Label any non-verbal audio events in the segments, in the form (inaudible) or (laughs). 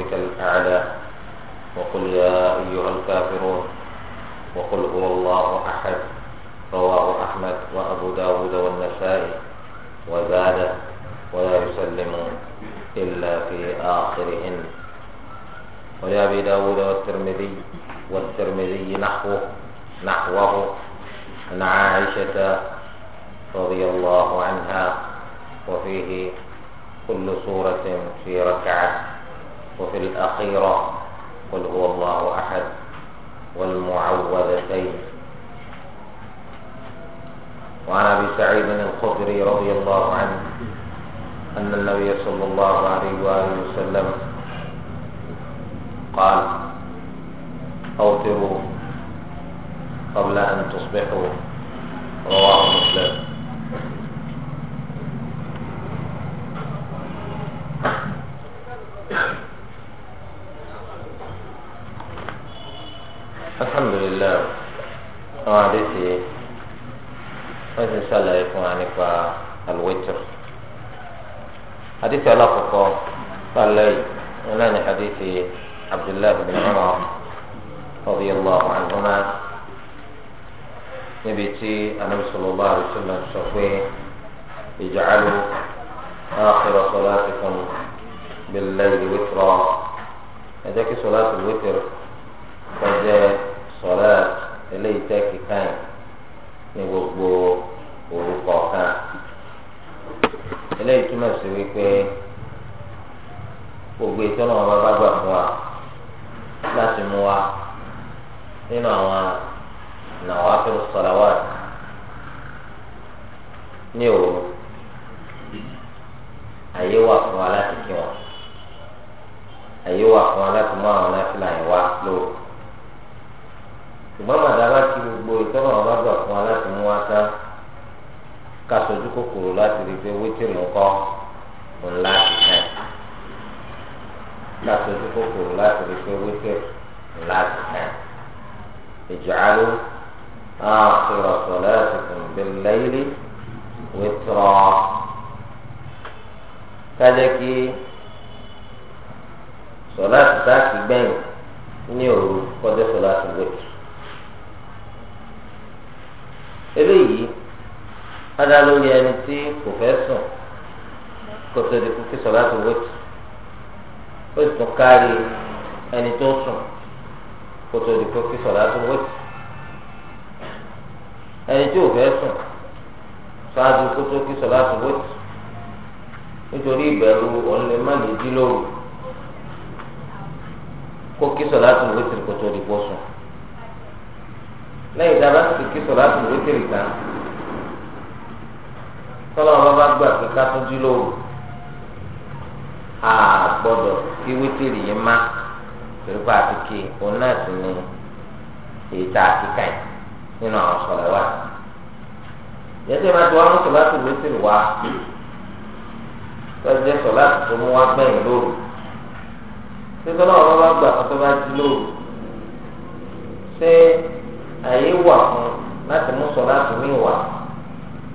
ربك الأعلى وقل يا أيها الكافرون وقل هو الله أحد رواه أحمد وأبو داود والنسائي وزاد ولا يسلم إلا في آخرهن ويا أبي داود والترمذي والترمذي نحوه نحوه عن عائشة رضي الله عنها وفيه كل سورة في ركعة وفي الأخيرة قل هو الله أحد والمعوذتين وعن أبي سعيد الخدري رضي الله عنه أن النبي صلى الله عليه وآله وسلم قال أوتروا قبل أن تصبحوا رواه مسلم witr حديث على فقه قال لي ولنا حديث عبد الله بن عمر رضي الله عنهما níbi tí anabi sọlọlá àdìsọlá sọ pé ìjàcálu àkìrọ sọlá ti fún bíláìlì wítìrọ ẹjẹ kí sọlá ti wítìrọ kọjá sọlá eléyìí tẹ kíkàn ní gbogbo orúkọ kan. eléyìí túmọ̀ sí wípé gbogbo ìtọ́nà ọba bá gbà fún wa láti mú wa nínú àwọn nàwa tó sọ̀rọ̀ ní òru àyè wà fún wa láti kí wọn àyè wà fún wa láti mú àwọn láti wá lóru ṣùgbọ́n màdá gbogbo ìtọ́nà ọba gbà fún wa láti mú ká sojú kòkòrò láti rí pé wítìrì ńkọ́ ńlá ti kàn ká sojú kòkòrò láti rí pé wítìrì ńlá ti kàn ìjọ́àlú àkìrọ̀ sọ̀lá ti kùn bẹ́lẹ́yìlì wítìrọ̀ kájẹ́ kí sọ̀lá ti ti gbẹ̀yìn ní òru kọjá sọ̀lá ti wẹ̀tù eléyìí kádà lórí ẹni tí kò fẹ́ sùn kò tó di kókè sọ̀rọ̀ àti wọ́tì ó sì tún kárí ẹni tó sùn kò tó di kókè sọ̀rọ̀ àti wọ́tì ẹni tí ò fẹ́ sùn ṣáájú kó tó kí sọ̀rọ̀ àti wọ́tì nítorí ìbẹ̀rù òun lè má lè dí lóru kó kí sọ̀rọ̀ àti wọ́tì kò tó di kó sùn lẹ́yìn tí a bá ti kí sọ̀rọ̀ àti wọ́tì rìkan tọ́lọ́ wọn bá gbà pé ká tún jí lóru a gbọ́dọ̀ kí wítìrì yìí má pẹ̀lú pa àti kí òun náà sì ní èyí tá a ti kà yìí nínú àwọn sọ̀rọ̀ wa yẹ́sẹ̀ máa ti wá mú sọ̀lá tó wítìrì wá tọ́jú sọ̀lá tó mú wá gbẹ̀yìn lóru tí tọ́lọ́ bá gbà pé ká jí lóru ṣé àyè wà fún láti mú sọ̀lá mí wà fún.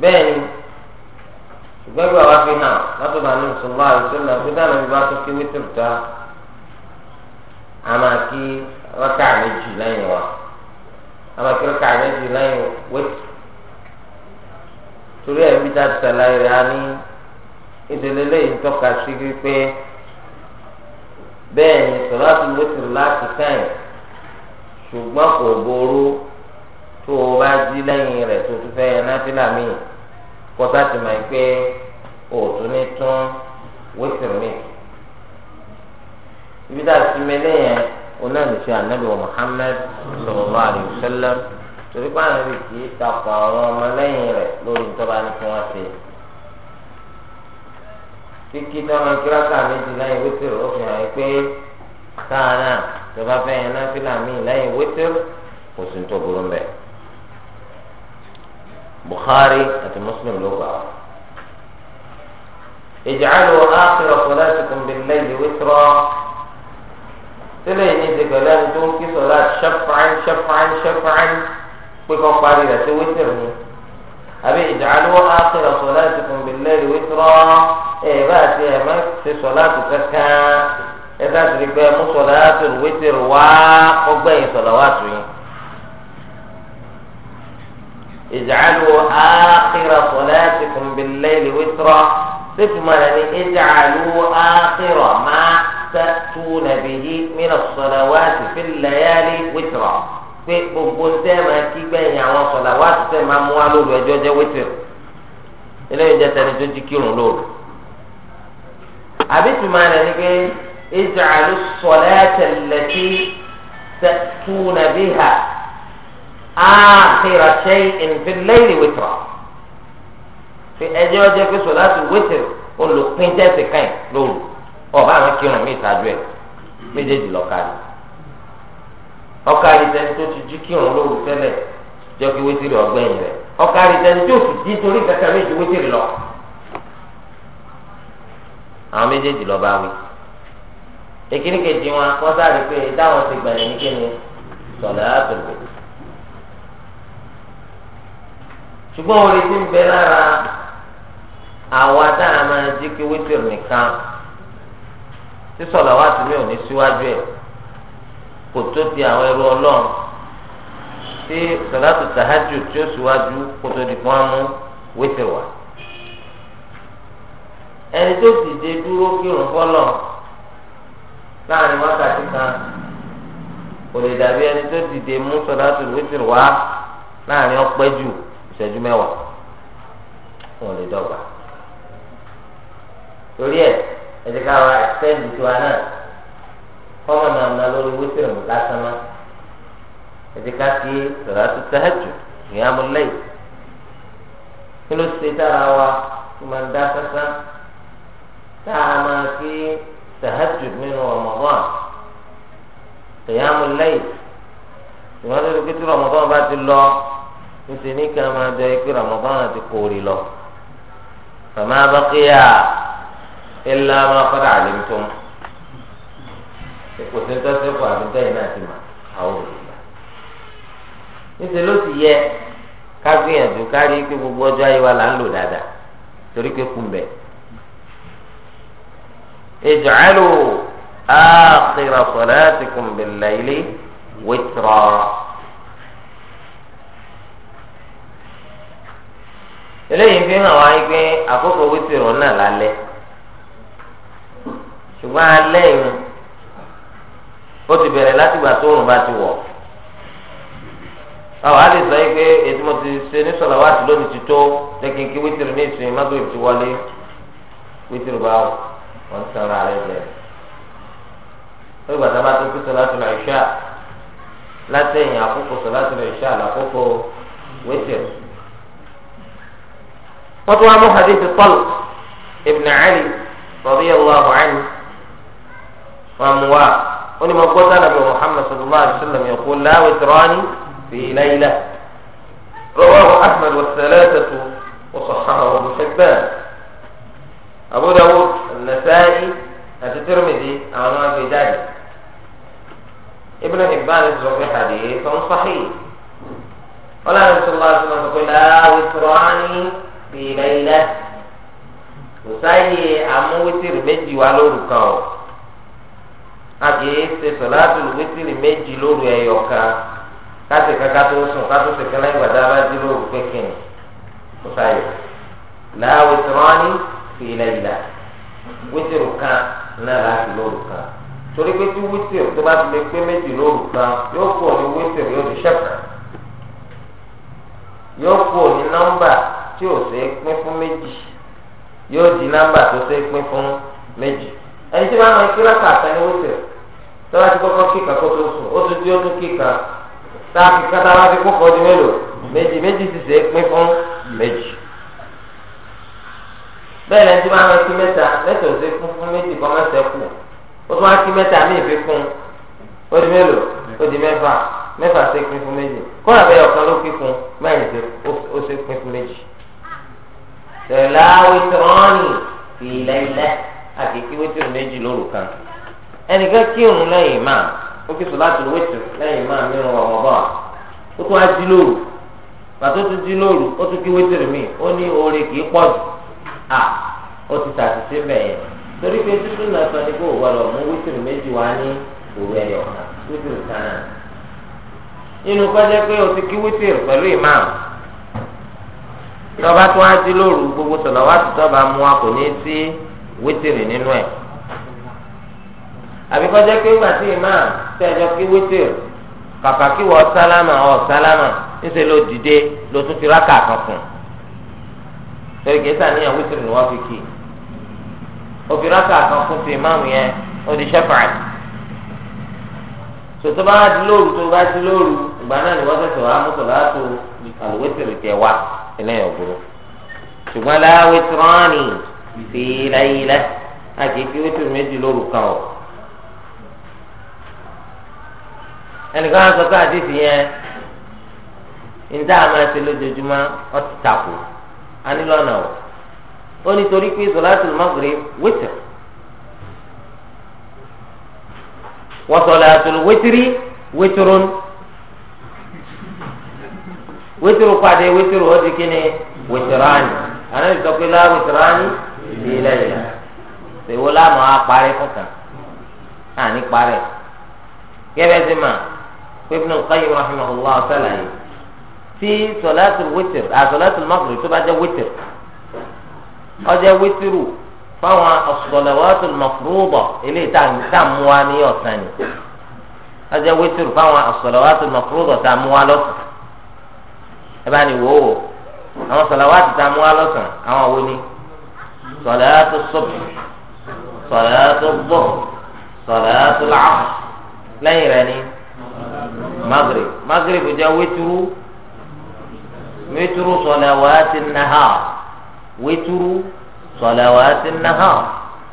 bẹ́ẹ̀ ni ṣùgbọ́n ìgbà wa fi hàn látọ̀dọ̀ àná ìṣòwò àìsílẹ̀ pé dáná bí wàá tó kí ta a máa kí rákà lẹ́yìn wa a máa kí rákà méjì lẹ́yìn wẹ́tì torí ẹ̀ bí dáa ṣàlàyé rẹ̀ á ní ìdílé lẹ́yìn tọ́ka sí wípé bẹ́ẹ̀ ni sọ̀rọ̀ àti tó o bá jí lẹ́yìn rẹ̀ tó o tún fẹ́ yẹn náfìlà míì kọ́tà ti mọ̀ pé o tún ní tún wíṣìn míì. ibi tá a ti mi lẹ́yìn òun náà nìṣe ànábì wa Muhammad sallallahu alaihi wasallam torí pé ànábì kì í takọ̀ àwọn ọmọ lẹ́yìn rẹ̀ lórí ìtọ́ba ní kí wọ́n ṣe. kíkí tí wọ́n kíra ká méjì lẹ́yìn wíṣìn ó fi hàn pé káà náà tó bá fẹ́ yẹn náfìlà míì lẹ́yìn wíṣìn kò sí ní tó burú mbẹ́. Bukhari àti Muslim ló gbà wá. ìjàlù ákìlọ̀ sọ̀lá ti kún bí lẹ́yìn wítrọ́ sílẹ̀ ní ti pẹ̀lú ẹni tó ń kí sọ̀lá ṣẹ́fàán ṣẹ́fàán ṣẹ́fàán pé kọ́ parí rẹ̀ sí wítìrì ni. àbí ìjàlù ákìlọ̀ sọ̀lá ti kún bí lẹ́yìn wítrọ́ ẹ̀ bá ti ẹ̀ má ti sọ̀lá tó kankan ẹ̀ dá ti rí pé mú sọ̀lá tó wítìrì wá ọgbẹ́yìn sọ̀lá wá tó yín. اجعلوا آخر صلاتكم بالليل وترا ثم اجعلوا آخر ما تأتون به من الصلوات في الليالي وترا pé gbogbo ntẹ máa kí gbẹ̀yìn àwọn sọ̀là wá ti tẹ̀ máa mú wa lóru ẹjọ́ jẹ́ wítìrì eléyìí jẹ́ tẹni tó jí kírun lóru. àbí tùmọ̀ rẹ̀ ni pé اجعلوا الصلاة التي تأتون بها آخر شيء في الليل وترا في ẹjẹ ọjọ pé sọ láti wẹtẹ olùpín tẹsí káyìn lóru ọba àwọn kírun mi ìtajú ẹ méjèèjì lọkàlì ọkàlì tẹni tó ti jí kírun lóru tẹ́lẹ̀ jọ kí wẹtẹ rẹ ọgbẹ̀yìn rẹ ọkàlì tẹni tó ti jí torí kankan méjì wẹtẹ rẹ lọ àwọn méjèèjì lọ bá wí èkìní kejì wọn wọn sáré pé táwọn ti gbẹ̀yìn ní kíni sọlá tó lè. ṣùgbọ́n orin ti ń bẹ lára àwa tá a máa jí kí wítìrì nìkan tí sọ̀lá wá sí mi ò ní síwájú ẹ̀ kò tó di àwọn ẹrú ọlọ́run tí sọ̀lá tó tàhájù tí ó síwájú kò tó di fún amú wítìrì wá. ẹni tó dìde dúró kírun fọlọ́ láàrin wákàtí kan kò lè dàbí ẹni tó dìde mú sọ̀lá tó wítìrì wá láàrin ọpẹ́ jù ìṣẹ́jú mẹ́wàá wọn ò lè dọ́gba torí ẹ ẹ ti ká wa ẹsẹ́ǹdì tiwa náà kọ́mọ̀ náà ná lórí wíṣírì lásán má ẹ ti ká sí sọ̀rọ̀ àti sáájú ìyàmú lẹ́yìn kí ló ṣe dára wa kí máa dá sánsán tá a máa kí sáájú nínú Ramadan ìyàmú lẹ́yìn ìwádìí lórí kí tí Ramadan bá ti lọ níṣẹ́ ní kí a máa bẹ ikú Ramadan ti kórè lọ màmá abákéyà ilá máa kọ́dà àlèmtọ́m kò sí tọ́sí fún àbíntẹ́yìn náà ti mà àwọn òrìlà níṣẹ́ ló ti yẹ ká kárí pé gbogbo ọjọ́ ayé wa là ń lò dáadáa torí pé kú mbẹ. اجعلوا آخر صلاتكم بالليل وترا eléyìí fi hàn wáyé pé àkókò wítìrì náà lálẹ́ ṣùgbọ́n alẹ́ yìí ó ti bẹ̀rẹ̀ láti gbà bá ti wọ̀ àwọn àti sọ pé ètò mo ti ṣe ní sọlá wá sí lónìí ti tó lẹ́kìn kí wítìrì ní ìsìn magrib ti wọlé wítìrì bá wọn sanra rẹ̀ bẹ̀rẹ̀ ó gbà tá a bá tó kí sọlá tó lọ ìṣá látẹ̀yìn àkókò sọlá tó lọ ìṣá فطعم حديث الطلق ابن علي رضي الله عنه وامواه ولم قلت انا محمد صلى الله عليه وسلم يقول لا وتراني في ليله رواه احمد والثلاثه وصححه ابن حبان ابو داود النسائي الترمذي عنوان في ذلك ابن حبان يذكر حديث صحيح ولا رسول الله سبحانه الله عليه لا وتراني fi lẹ́yìnlẹ́ kò sáyé amúwítìrì méjì wá lóru kan o a ṣe sọ̀láàtù wítìrì méjì lóru ẹ̀yọ kan káṣí kankan tó sùn kátó ṣe ìgbàdá bá dé lóru pékin kò sáyé láàwé tí fi lẹ́yìnlẹ́ wítìrì kan náà láti lóru kan torí pé tí tó bá ti lè pé méjì lóru kan tí ò ṣe é pín fún méjì yóò di nọ́mbà tó ṣe é pín fún méjì ẹni tí wọn máa ń kíra kàtà ní wọ́sẹ̀ tí wọ́n ti kọ́kọ́ kíkà kó tó sùn ó tún tí ó tún kíkà tá a fi kátà wá fi kó kọ́ di mélòó méjì méjì sì ṣe é pín fún méjì bẹ́ẹ̀ lẹ́yìn tí wọ́n máa ń kí mẹ́ta mẹ́ta ò ṣe é pín fún méjì kọ́ mẹ́sẹ̀ kù ó tún wá kí mẹ́ta míì fi kún ó di mélòó ó di mẹ́fà mẹ́fà ṣe é pín fún méjì kó tẹ̀lá wítìrọ́ọ̀nì fi lẹ́lẹ́ àti kí wítìrì méjì lóru kan ẹnìkan kírun lẹ́yìn máa ó kí sọláàtì wítìrì lẹ́yìn máa nínú Ramadan ó tún á jí lóru pàtó tún jí lóru ó tún kí ó ní oore kìí torí pé títí náà sọ ni kó o gbọdọ̀ mú wítìrì méjì wá ní òru ẹ̀yọ̀ kan kan náà nínú kọjá pé o ti kí pẹ̀lú tọ́ba tó wá sí lóru gbogbo sọ̀lá wá sí tọ́ba mú wa kò ní sí wítìrì nínú ẹ̀ àbíkọ́jẹ́ pé ńgbà tí imam tẹ́jọ́ kí wítìrì kàkà kí wọ́n sálámà ọ̀ sálámà níṣẹ́ ló dìde ló tún ti rákà kan fún un torí kìí sàníyàn wítìrì ni wọ́n fi kì í òfin rákà kan fún ti imam yẹn ó di shepherd sòtò wá di lóru tó bá di lóru ìgbà náà ni wọ́n sẹ̀sẹ̀ wá mú sọ̀lá tó àlùwẹ́tìrì tẹ̀ eléyìí ọ̀gbọ́n ṣùgbọ́n láwé tíránì fi láyìlẹ́ àti fi wítìrì méjì lóru kan o ẹnìkan á sọ pé àdìsí yẹn níta àmọ́ ẹsẹ̀ lójoojúmọ́ ọtí tako anílọ́nà o ó nítorí pé sọláṣí mọ́gìrì wítìrì wọ́n sọ̀rọ̀ àtúnwétìrì wítìrì wétìrú padà wétìrú ó di kíni wétìránì àná ìsọpẹ́lá wétìránì ìdílé yìí ìwọ láàmú apárẹ kọkàn àní parẹ gẹ́gẹ́ bí ma Ibn al-Qayyim rahimahullah sálà yìí tí sọláàtì wítìr àsọláàtì mọ́kùrì tó bá jẹ́ wítìr ọjọ́ wítìrù fáwọn as-salawatu al-mafruḍa ilé ìtàmúwa ní ọ̀sán ni ọjọ́ wítìrù fáwọn as-salawatu al-mafruḍa tàmúwa lọ́sàn ẹ bá ní wò ó àwọn sọláwàtì tá a mú wá lọ́sàn àwọn wo ni sọláàtù sọbì sọláàtù bọ sọláàtù làásù lẹ́yìn rẹ̀ ni magre magre bìjẹ wẹtúrú wẹtúrú sọláwàtì nàhà wẹtúrú sọláwàtì nàhà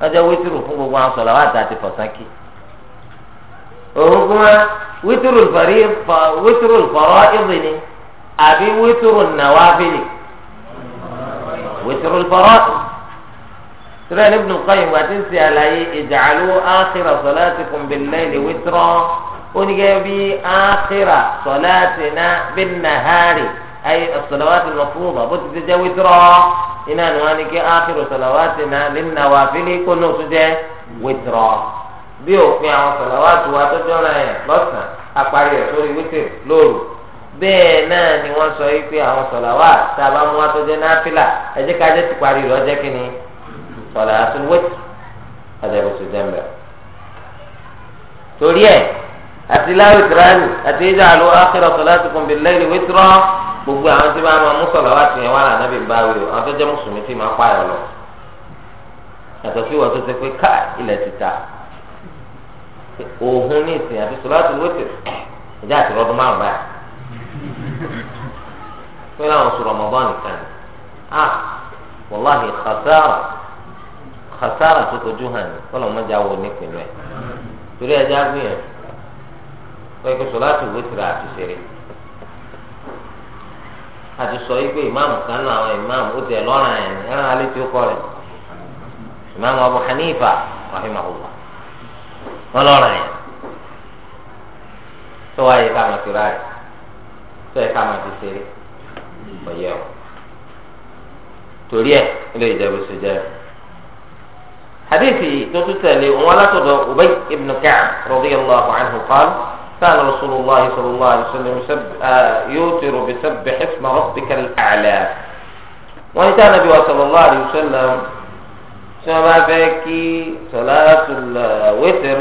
ọjọ wẹtúrú fún gbogbo àwọn sọláwàtì àti fọsánkì òhun kúmá wẹtúrú fàrí wẹtúrú fọrọ ìbìnrin àbí wítúrù nàwáfílì wítúrù fọrọ tura ní Ibn Qayyim wà tí ń ṣe àlàyé ij'alu akhira salatikum bil-layli witra oníkẹ́ bí akhira salatina bin-nahari ayé as-salawati al-mafruḍa bó ti ti jẹ́ witra iná ni wọ́n á ní kí akhira salawatina lin-nawafili kó náà tún jẹ́ witra àwọn salawati wa tó jọ́ra yẹn lọ́sàn-án apárí ẹ̀ sórí lóru bẹ́ẹ̀ náà ni wọ́n sọ wípé àwọn sọ̀lá wà tá a bá mú wá tó jẹ́ náfìlà ẹ jẹ́ ká jẹ́ ti parí rẹ̀ ọjẹ́ kínní sọ̀lá àtúnwẹ́tì àdàbò tó jẹ́ mbẹ́. torí ẹ̀ àti láwù ìtìránì àti ìjà àlọ́ àkìrọ̀ sọ̀lá ti kùn bí lẹ́yìn ìwé tìrọ̀ gbogbo àwọn tí wọ́n mú sọ̀lá wà tìyẹn wà lànà bí bá wíwò àwọn tó jẹ́ mùsùlùmí tí máa pààyàn lọ. yàtọ̀ sí wọ́n tó ti pé ká ilẹ̀ ti ta òhun ní ìsìn àti sọ̀lá àtúnwẹ́tì ìjà àtìrọ̀ ọdún márùn-ún báyìí (laughs) pé láwọn oṣù Ramadan nìkan ni a wàláhì khasara khasara tó tojú hàn ní kọ́lọ̀ mọ́jà wo nípìnlẹ̀ ẹ̀ torí ẹja gbìyànjú pé kí sọláàtì wítìrì àti ṣeré àti sọ yìí pé ìmáàmù kan náà àwọn ìmáàmù ó tẹ̀ lọ́rùn ẹ̀ ní ẹran alẹ́ tí ó kọ́ rẹ̀ ìmáàmù Abu Hanifa rahimahullah wọn lọ́rùn ẹ̀ tó wáyé ká mọ̀ sí ráàyè. sẹ́yìn ká máa fi ṣeré ọ̀yẹ́ o torí ẹ̀ ilé ìjẹ́bù tó tẹ̀lé كان رسول الله صلى الله عليه وسلم سب... يوتر بسب اسم ربك الأعلى وإن كان النبي صلى الله عليه وسلم سما فيك صلاة الوتر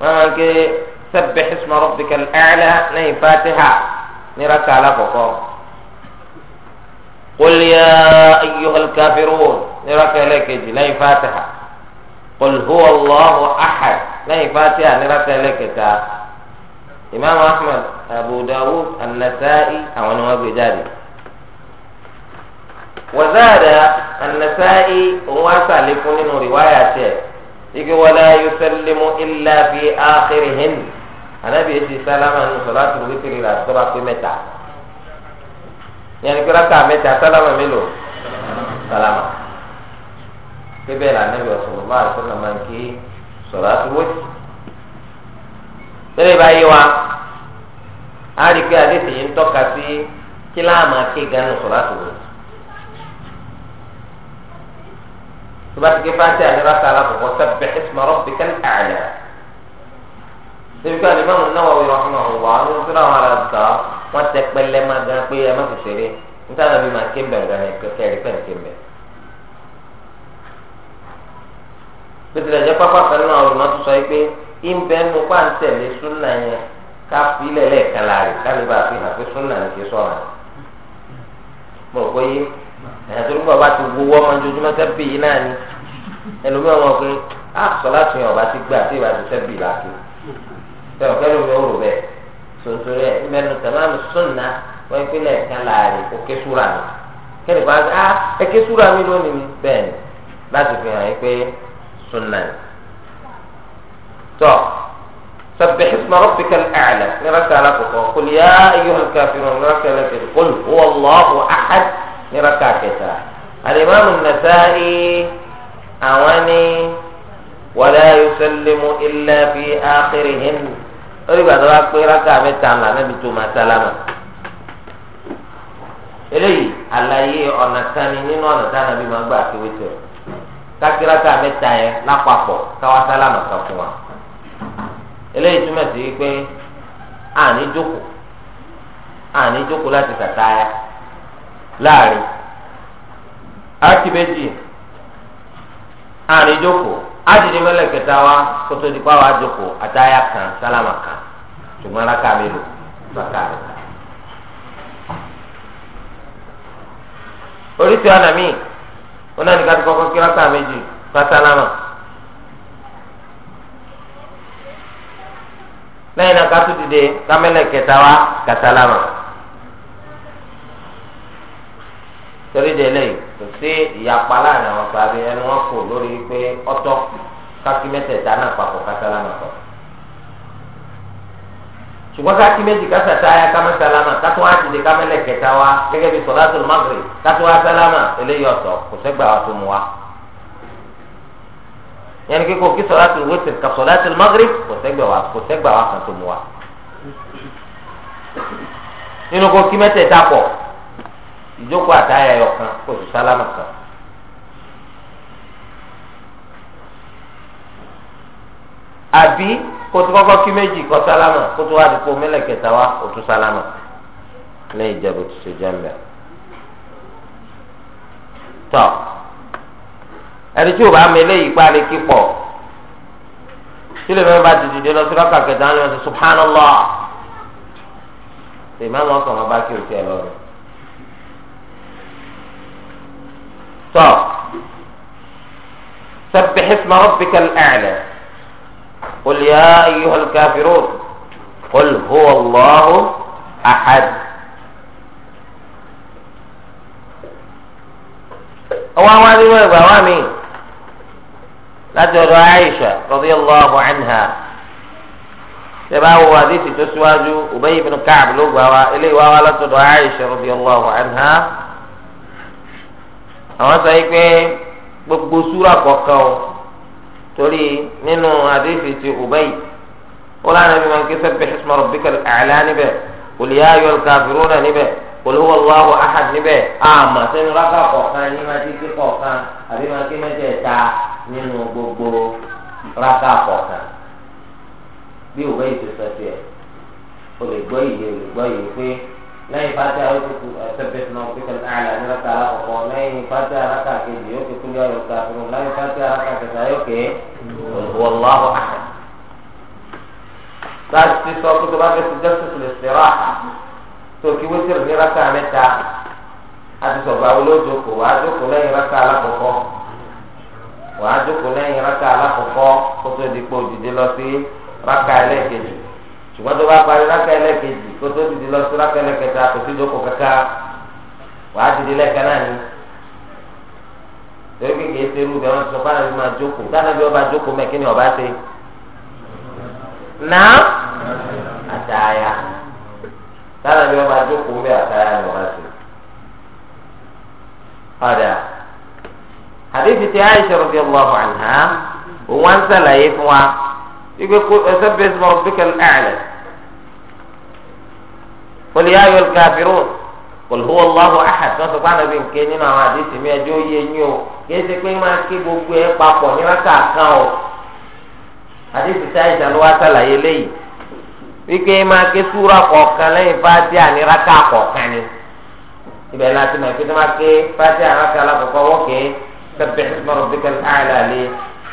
ما سبح اسم ربك الأعلى نهي فاتحة نرك على فقر قل يا أيها الكافرون نرك إليك نهي فاتحة قل هو الله أحد نهي فاتحة نرك إليك إمام أحمد أبو داود النسائي أو نواب جاري وزاد النسائي واسع لكل رواية يقول ولا يسلم إلا في آخرهن anabi esi sálámà nù sọlá tó wí tìrì rà tó bá pé mẹ́ta yẹn kí rákà mẹ́ta sálámà mélòó sálámà síbẹ̀ là anabi ọ̀sọ̀rọ̀ bá àṣọlá máa ń kí sọlá tó wí. tẹ́lẹ̀ bá yé wa a rí pé adéṣe yìí ń tọ́ka sí kíláàmù akégan nù sọlá tó wí. tó bá ti ké fáńtì àdéhùn rákà sèpikà ní báwọn náwó wíwá fún àwọn wà á ní sọ́dọ̀ àwọn ará ta wọ́n tẹ pẹ́lẹ́ má gan pé ẹ má fi ṣeré níta náà bí máa ké mbẹ̀ gan kẹ́kẹ́ rí pẹ́ẹ́n ké mbẹ̀. pẹ̀tẹ̀lẹ̀ jẹ́ pápá kan náà olùmọ̀ tó sọ pé ìbẹ́ nu pàǹtẹ̀ lé súnà yẹn ká fi ilẹ̀ lẹ́ẹ̀kan láàrin ká lè bá a fi hàn pé súnà ní kí sọ̀rọ̀ mo rò pé ẹ̀yà tó ń bọ̀ bá ti wo wọ́ ọmọ ojoojúmọ́ sẹ́bì yìí náà ni ẹlòmíràn sẹ́wọ̀n kẹ́rù mi ò rò bẹ́ẹ̀ sòtòrí ẹ̀ mẹ́nu tẹ̀mánu sunna wọ́n fi lẹ̀ kan láàrin kó ké súra mi kẹ́lẹ́ bá a ẹ ké súra mi lónìí mi bẹ́ẹ̀ ni láti fi hàn yín pé sunna ni. tọ́ سبح اسم ربك الأعلى نرسى لك قل يا أيها الكافرون نرسى لك قل هو الله أحد نرسى كتاب الإمام النسائي أواني ولا يسلم إلا في آخرهن onígbà tó bá pé rákà mẹ́ta ńlá nàbí tó máa sálámà eléyìí àlàyé ọ̀nà sani nínú ọ̀nà tá nàbí máa gbà kí wíṣọ kákí rákà mẹ́ta yẹn lápapọ̀ káwá sálámà kan fún wa eléyìí túmọ̀ sí pé àní jókòó àní jókòó láti láàrin àní jókòó. adìdí mẹlẹ kẹta wa kótó di pa wa joko àtàyà kan sálámà kan ṣùgbọ́n raka mi lò bàtà rẹ kan. oríṣi ọ̀nà mi wọn náà ní ká ti kọ́kọ́ kí raka méjì bá salama. lẹ́yìn náà ká tún dìde ká mẹlẹ kẹta wa ká sálámà. torí de lẹ́yìn kò sí ìyapa láàrin àwọn sàbí ẹni wọn kò lórí pé ọ̀tọ̀ kákí mẹ́tẹ̀ẹ̀ta náà papọ̀ kásálámà kọ ṣùgbọ́n kákí méjì kásàtà ayá kámẹ́sálámà kátó wá ti di kámẹ́lẹ̀ kẹta wa gẹ́gẹ́ bí sọ̀láṣọ̀lù magre kátó wá sálámà eléyìí ọ̀tọ̀ kò sẹ́gbà wa tó mu wa yẹnni kíkó kí sọ̀láṣọ̀lù wẹ́tìrì ká sọ̀láṣọ̀lù magre kò sẹ́gbà wa kò sẹ́gbà wa kan tó mu wa nínú kó kí mẹ́tẹ̀ẹ̀ta pọ̀ ìjókòó àtàyà ẹ̀yọ̀ kan kò sí sálámà kan. àbí kótó kọ́kọ́ kí méjì kọ́ sálámà kótó wá dùkú mílẹ̀ kẹta wá òtú sálámà lẹ́yìn ìjẹ́bù tó ṣe jẹ́mbẹ́. tọ́ ẹni tí o bá mi eléyìí pa lè kí pọ̀ tí lè mẹ́rin bá ti dìde lọ sí lọ́kà ni wọ́n ti subhanallah tèmi àwọn ọkàn wọn bá kí o tiẹ̀ lọ rẹ̀. tọ́ sabbih isma rabbikal a'la. قل يا أيها الكافرون قل هو الله أحد أو أوامي وأوامي لا ترى عائشة رضي الله عنها تباو حديث تسواجو أبي بن كعب لو بوا إلي ووالا تدعى عائشة رضي الله عنها أما سيكون gbogbo súra torí nínú àdéhìí ti ubay wọn lànà bí wọn kí sẹbẹ ṣẹṣẹ rabbika al-a'la níbẹ̀ qul ya ayyuhal kafiruna níbẹ̀ qul huwa Allahu ahad níbẹ̀ àmà sẹni rákà kọ̀ọ̀kan ní máa ti ké kọ̀ọ̀kan àbí máa ké mẹ́tẹ̀ẹ̀ta nínú gbogbo rákà kọ̀ọ̀kan bí ubay ti sọ tiẹ̀ o lè gbọ́ ìyè o lè gbọ́ pé lẹ́yìn fatiha ó ti kú ẹ̀sẹ̀bẹ̀tì náà ó ti kẹ́lẹ́ àlà ní raka alákọ̀ọ́kọ́ lẹ́yìn fatiha raka kejì ó ti kúlẹ̀ ọ̀rọ̀ kàfírùn lẹ́yìn fatiha raka kẹta yóò ké wàlláhu àhà. láti ti sọ pé tó bá fẹ́ ti jẹ́sùn lè ṣe rà tó kí wítìrì ní raka mẹ́ta àti sọ̀gbà olójókòó wàá jókòó lẹ́yìn raka alákọ̀ọ́kọ́ wàá jókòó lẹ́yìn raka alákọ̀ọ́kọ́ kó tó di pé òjijì ṣùgbọ́n tó bá parí rákà ẹlẹ́kejì kó tó dìde lọ sí rákà ẹlẹ́kẹta kò sí ìjókòó kankan wàá dìde lẹ́ẹ̀kan náà ni torí kékeré ṣe irú bẹ́ẹ̀ wọ́n ti sọ fún àwọn máa jókòó dáná bí wọ́n bá jókòó mẹ́kí ni ọba ṣe náà àtàyà dáná bí wọ́n bá jókòó mẹ́ àtàyà ni ọba ṣe. ọ̀dà àdéhùn ti Aisha radiyallahu anha òun wá ń sàlàyé fún wa igbe ko ẹsẹ bẹsẹ ma ọdún kẹlẹ ẹlẹ wọlé ayọ gàfíró wọlé wọlé wàhù ahad wọn sọ fún anabi nke nínú àwọn àdéhùn mi ẹjọ yẹ ẹyìn o kéésì pé máa ké gbogbo ẹ papọ̀ ní wọn kà kàn o àdéhùn sáyẹn ìṣàlù wa sàlàyé lẹ́yìn wípé máa ké súra kọ̀ọ̀kan lẹ́yìn fáti àníraka kọ̀ọ̀kan ni ibẹ̀ láti mọ̀ ìpínlẹ̀ máa ké fáti àníraka alákọ̀ọ́kọ́ wọ́n ké sẹ́bẹ̀ẹ́sì mọ̀rọ̀ bíkẹ́lẹ́ àlàlé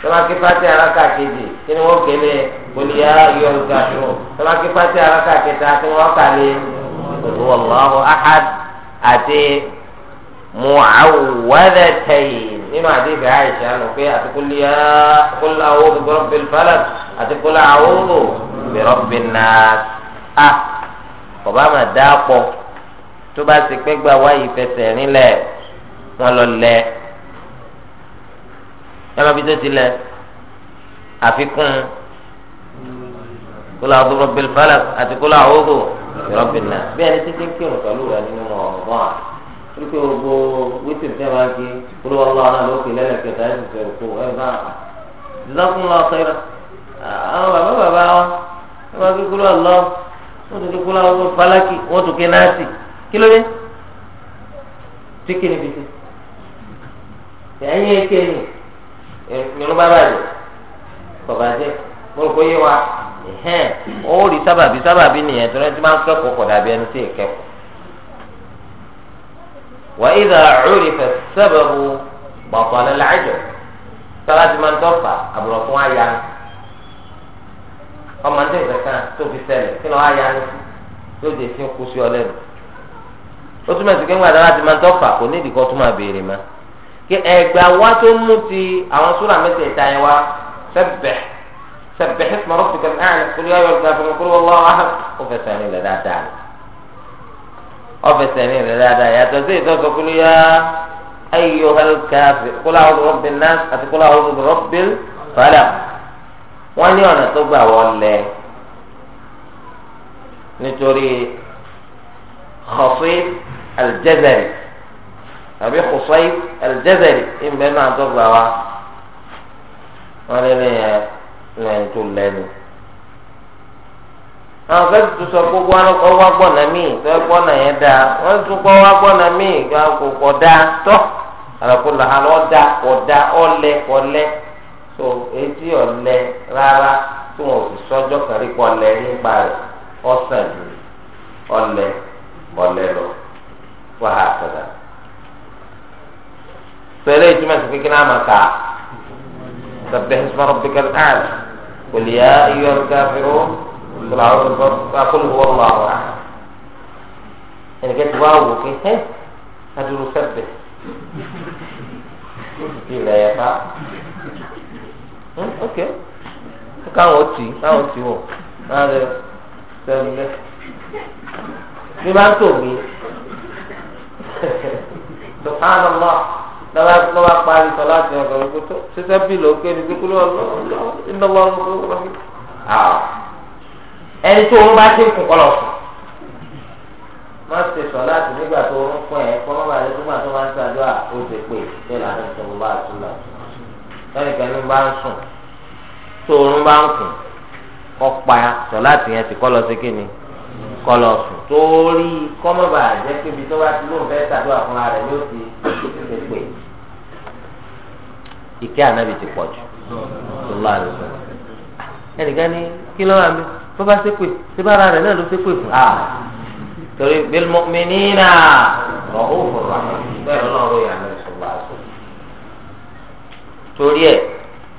tọ́lákì pàṣẹ araka kejì kí ni wọ́n kéde olùyà yọ̀ọ̀gà tó tọ́lákì pàṣẹ araka kẹta kí wọ́n kàlẹ́ wàlláhu ahad àti mu'awwadatayn nínú àdébì àyíṣà nù pé àti kúlíyà kúlíyà a'udhu bi rabbil falaq àti kúlíyà a'udhu bi rabbin nas a bàbá mà dáa pọ̀ tó bá ti pẹ́ gbà wáyé fẹsẹ̀ nílẹ̀ wọ́n lọ lẹ́ẹ̀ ẹ̀ma bí tó ti lẹ̀ àfikún kó làwọn tó rọ̀bì falak àti kó làwọn ògò rọ̀bì náà bí ẹni títí ń kírun pẹ̀lú rẹ̀ nínú ọ̀gbọ́n à wípé gbogbo wíìtì fẹ́ máa ń kí kúrò wọn lọ́wọ́ náà lókè lẹ́lẹ́kẹta ẹ̀ sì fẹ́ òkú ẹ̀ bá ìdílọ́kùn lọ sẹ́yìn àwọn bàbá bàbá wọn wọ́n máa kí kúrò lọ wọ́n tún kí kúrò àwọn falaki wọ́n tún kí náàsì kí ló dé tí kìnnìbìtì ẹ̀yìn ẹ̀kẹ́ nìyí. Eh, irun bá bàjẹ́ kọ̀bàjẹ́ wa ẹ̀hẹ́n ó rí sábàbí sábàbí nìyẹn tó rántí máa ń kẹ́kọ̀ọ́ kọ̀ dàbí ẹni tí ìkẹ́kọ̀ọ́. wà ìdá òrìfẹ̀ sábàbù bàtọ̀lẹ̀ làájọ sábà ti máa ń tọ́fà àbúrò fún àyà ọmọ ní ìfẹ́ kan tó fi ṣẹlẹ̀ kí lọ́ọ́ àyà ní yóò dé sí kú sí ọ lẹ́nu ó túmọ̀ sí pé ńgbà máa ń kò ní tó máa béèrè máa. ẹgbà wa tó mú ti àwọn súrà mẹ́tẹ̀ẹ̀ta yẹn wa sẹbẹ sẹbẹ ẹsùn ọ̀rọ̀ fìkà ẹn kúrò ayọ ọgbà fún mi kúrò wọn lọ́wọ́ ahàn ọfẹsẹ ní rẹ dáadáa ọfẹsẹ ní rẹ dáadáa yàtọ̀ sí ìtọ́sọ kúrò yá ayọ alkaafi kúrò àwọn rọbìn náà àti kúrò àwọn rọbìn fàlà wọn ní ọ̀nà tó gbà wọ́n lẹ nítorí xɔfé aljazari àbí xɔfé. Al-Jazari ìmọ̀ náà tó gbà wá wọ́n lé ní ẹ̀ tó lẹ́nu. àwọn kẹ́sì tó sọ gbogbo ọwọ́ míì tó yẹn wọ́n tún kọ́ ọwọ́ míì tọ́ ọ̀lẹ́ tó etí ọ̀lẹ́ rárá wọn nípa rẹ̀ ọ̀lẹ́ lọ فليه تمسك في كلامك سبح اسم ربك الأعلى قل يا أيها الكافرون قل أعوذ قل هو الله أحد يعني كنت واو كيف أجل سبح إلا يا فا أوكي كان وتي كان وتي هو هذا سبح بما تومي سبحان الله lọ́wọ́ lọ́wọ́ parí sọ láti ọ̀gá rẹ̀ kótó ṣiṣẹ́ bí ló ń ké ní kíkúrú ọlọ́wọ́ iná lọ́wọ́ lọ́wọ́ lọ́wọ́. ẹni tó ń bá ṣe ń kún kọlọ̀ sùn. má ṣe sọ láti nígbà tó ń pọ̀ ẹ́ kọ́ mọ́ba rẹ̀ nígbà tó máa ń ṣàdúrà ó ti pè ṣé làánú tó ń bá àtúnlá. ẹnìkan ní bá ń sùn tó ń bá ń kùn kọ́ pa sọ láti yẹn ti kọ́ lọ sí kíni kọlọ sùn torí kọ́mọ́bà jẹ́ pé ibi tó bá ti lóun fẹ́ ṣàdúrà fúnra rẹ̀ ló ti ṣe pé ìkẹ́ ànábì ti pọ̀ jù sallallahu alaihi wasallam ẹnìkan ní kí ló wà mí tó bá ṣépè ṣé bára rẹ̀ náà ló ṣépè fún a torí bil mu'minina ra'ufur rahim bẹ́ẹ̀ lọ́wọ́ ròyìn ànábì sallallahu alaihi wasallam torí ẹ̀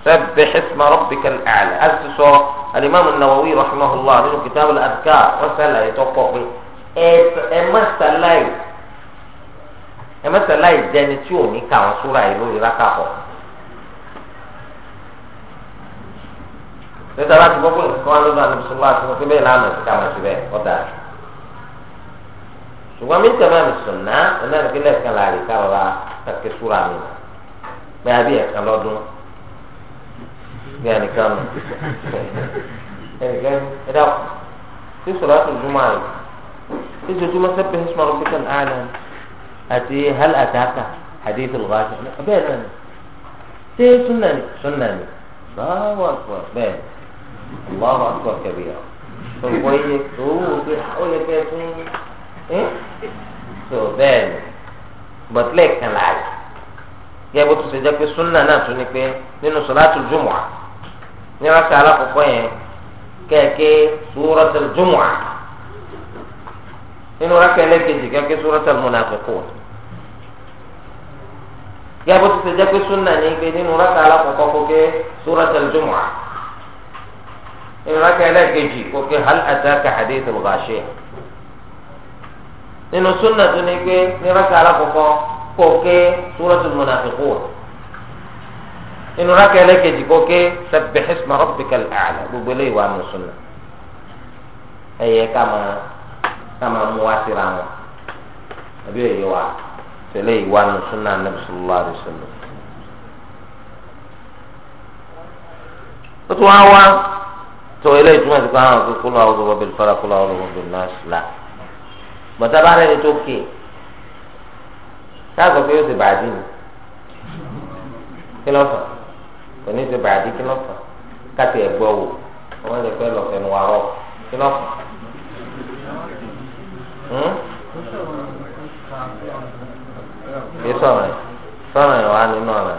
سبح اسم ربك الأعلى أسسوا الإمام النووي رحمه الله له كتاب الأذكار وسأل يتوقع به ẹmọ sàlàyé ẹmọ sàlàyé jẹni tí ò ní ká àwọn súra yìí lórí rákà kọ̀ọ̀kan nítorí láti gbogbo nǹkan wọn lọ́dọ̀ àti sọ́lá àti sọ́kí bẹ́ẹ̀ lánàá ti ká máa ṣe bẹ́ẹ̀ ọ̀dà rẹ̀. ṣùgbọ́n mi ń tẹ̀lé àmì sùnà ọ̀nà ìpínlẹ̀ kan láàrin ká rọra kàkẹ́ súra mi nà bẹ́ẹ̀ bí ẹ̀kan lọ́dún bí ẹnìkan nù ẹnìkan ẹ dá sí sọ̀rọ̀ àti ìjùmọ̀ àyè sí ìjọ́júmọ́ sẹ́pẹ̀ ìsúnmọ́ rọ̀bìkan àná àti hal àtàkà hadith al-ghashiya bẹ́ẹ̀ náà ni ṣé súnà ni súnà ni báwo àpò bẹ́ẹ̀ ni. Allahu akbar kabira gbogbo iye owó òkè ó yẹ kẹ́ ẹ fún yín so bẹ́ẹ̀ ni bọ̀tílẹ̀ kan láàyè gẹ́gẹ́ bó tún ṣe jẹ́ pé súnà náà tún ni pé nínú sọ̀láàtù jùmùà ní rákà alákọ̀ọ́kọ́ yẹn kẹ́ẹ̀kẹ́ sùúrọ̀tàl jùmùà nínú rákà ẹlẹ́kejì kẹ́ẹ̀kẹ́ sùúrọ̀tàl mùnàfíkùn gẹ́gẹ́ bó tún ṣe jẹ́ pé súnà ní pé nínú rákà alákọ̀ọ́kọ́ kó kẹ́ sùúrọ̀tàl jùmùà ìrọ̀kẹ́ ẹlẹ́kejì kò pé hal ataka hadithul ghashiyah nínú súnà tó ní pé nírọ̀kẹ́ alákọ̀ọ́kọ́ kò pé suratul munafiqun nínú rákẹ́ ẹlẹ́kejì kò pé sabbih isma rabbikal a'la gbogbo eléyìí wà nù súnà ẹ̀yẹ kàmá kàmá mú wá síra wọn àbí ẹ̀yẹ wà tẹ̀lé ìwà nù súnà Nabi sallallahu ó tún wá wá tó eléyìí túmọ̀ sí pé àwọn akókò lọ àwọn ọlọ́wọ́ bẹ̀rẹ̀ fara kúlọ̀ àwọn ọlọ́wọ́ bẹ̀rẹ̀ náà ṣùlá bọ̀tà bá rẹ̀ tó ké sáàgbọ̀ pé yóò ti bàdí ni kí ló fà kò ní ti bàdí kí ló fà káti ẹ̀gbọ́ wò wọ́n lè fẹ́ lọ fẹnu wa rọ kí ló fà. Hmm? kí sọ̀rọ̀ sọ̀rọ̀ nínú ọ̀rọ̀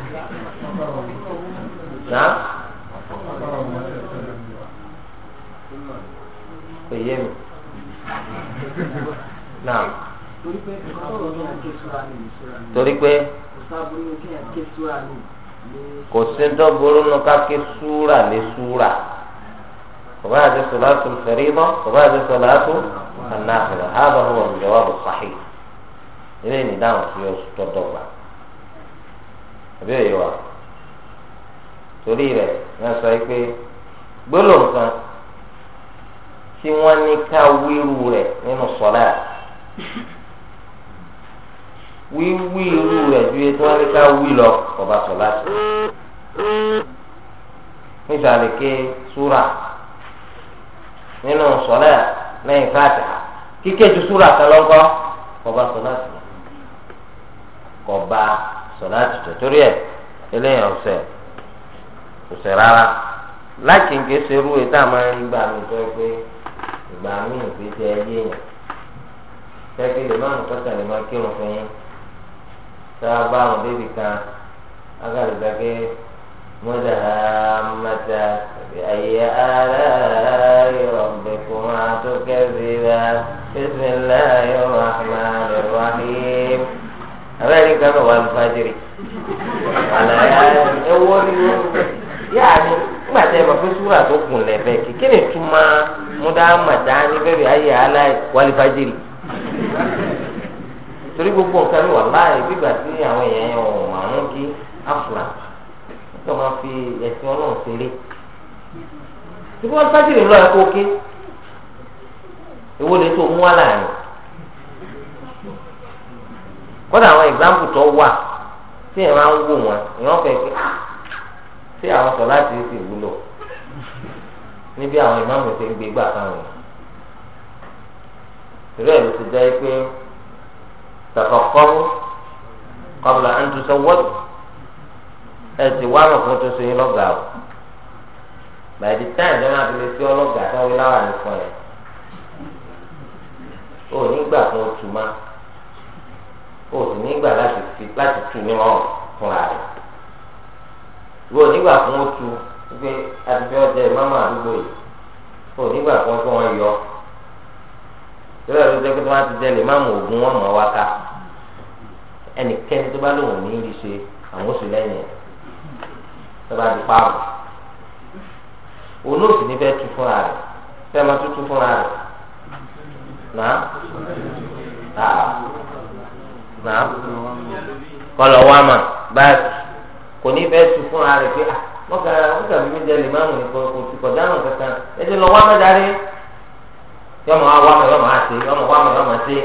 náà kò torí pé kò sí dọ́gboro nu ká ké súra lé súra kò àti sọláàtù àti sọláàtù anáfẹ̀rẹ̀ hábà ilé torí rẹ̀ wọ́n sọ pé gbólóhùn kan tí wọn ní ká wíru rẹ̀ nínú sọ́lá wíwí irú rẹ ju etí wọ́n ní ká wí lọ ọba sọ́lá tó nísàlẹ̀ ké súrà nínú sọ́lá lẹ́yìn ju súrà kan lọ́kọ́ kọba sọ́lá tó kọba sọ́lá torí kò sẹ rárá láti ń kése irú ètò àmọ́ nígbà mi tó pé ìgbà mi ìgbésẹ̀ ayé yẹn tẹ́kí lè má nǹkan lè má kírun fún yín tá a bá àwọn bébì kan ágàlè gbàgbé mọ́tà mọ́tà ayé ara ìrọ̀bẹ̀ kò máa tó kẹ́sì rà bisimilayi rahman rahim abẹ́rẹ́ nìkan náà wà lùfàjìrì àlàyé ẹ̀wọ́ ni wọ́n pé súrà tó gùn lẹ́fẹ̀ẹ́ kí ni túmọ̀ múdámàdá ní bẹ́ẹ̀ ayé aláì wálífájìrì torí gbogbo nǹkan mi wà láàyè gbígbà tí àwọn èèyàn yẹn ò àrùn kí áfúrà tó máa fi ẹ̀sìn ọlọ́run ṣeré tí wọ́n fájìrì lọ ẹ̀kọ́ òkè èwo lè tó mú wá láàyè kódà àwọn ìgbàmpù tó wà tí ẹ̀ máa ń wò wọn ìyọ́n fẹ́ kí ah, ṣé àwọn sọ láti ṣe ìwúlò níbi àwọn ìmáàmù ṣe ń gbé gbà fáwọn èèyàn ìrẹ́ ló ti jẹ́ pé tàkọ̀kọ́rú kọ́bùlà ń túnṣe wọ́ọ̀dù ẹ sì wá rọ̀ fún túnṣe yín lọ́gàá o by the time jẹ́ máa fi lè sí ọlọ́gàá tó ń wí láwà ní fún ẹ̀ o ò ní gbà fún otu má o ò sì ní gbà láti tu ní ọ̀rùn fúnra rẹ̀ o ò ní gbà fún otu gbé àtúnfẹ́ ọjà ìmáàmù àdúgbò yìí kò nígbà kan kí wọ́n yọ lórí àdúgbò jẹ́ pé wọ́n ti jẹ́ lè máàmù ògùn wọn mọ̀ wá ká ẹnikẹ́ni tó bá lòun ní í ṣe àwọn oṣù lẹ́yìn ẹ̀ tó bá di paamu òun oṣù ní fẹ́ tu fúnra rẹ̀ fẹ́ máa tuntun fúnra rẹ̀ náà náà kọlọ̀ wá mà báyìí kò ní fẹ́ tu fúnra rẹ̀ pé ah, wọ́n kà wọ́n kà bíbí jẹ limamu ní kòtù kọjá náà kankan ẹ̀dẹ̀ lọ wá mẹ́darí yọmọ wá mẹ́ yọmọ àti yọmọ wá mẹ́ yọmọ àti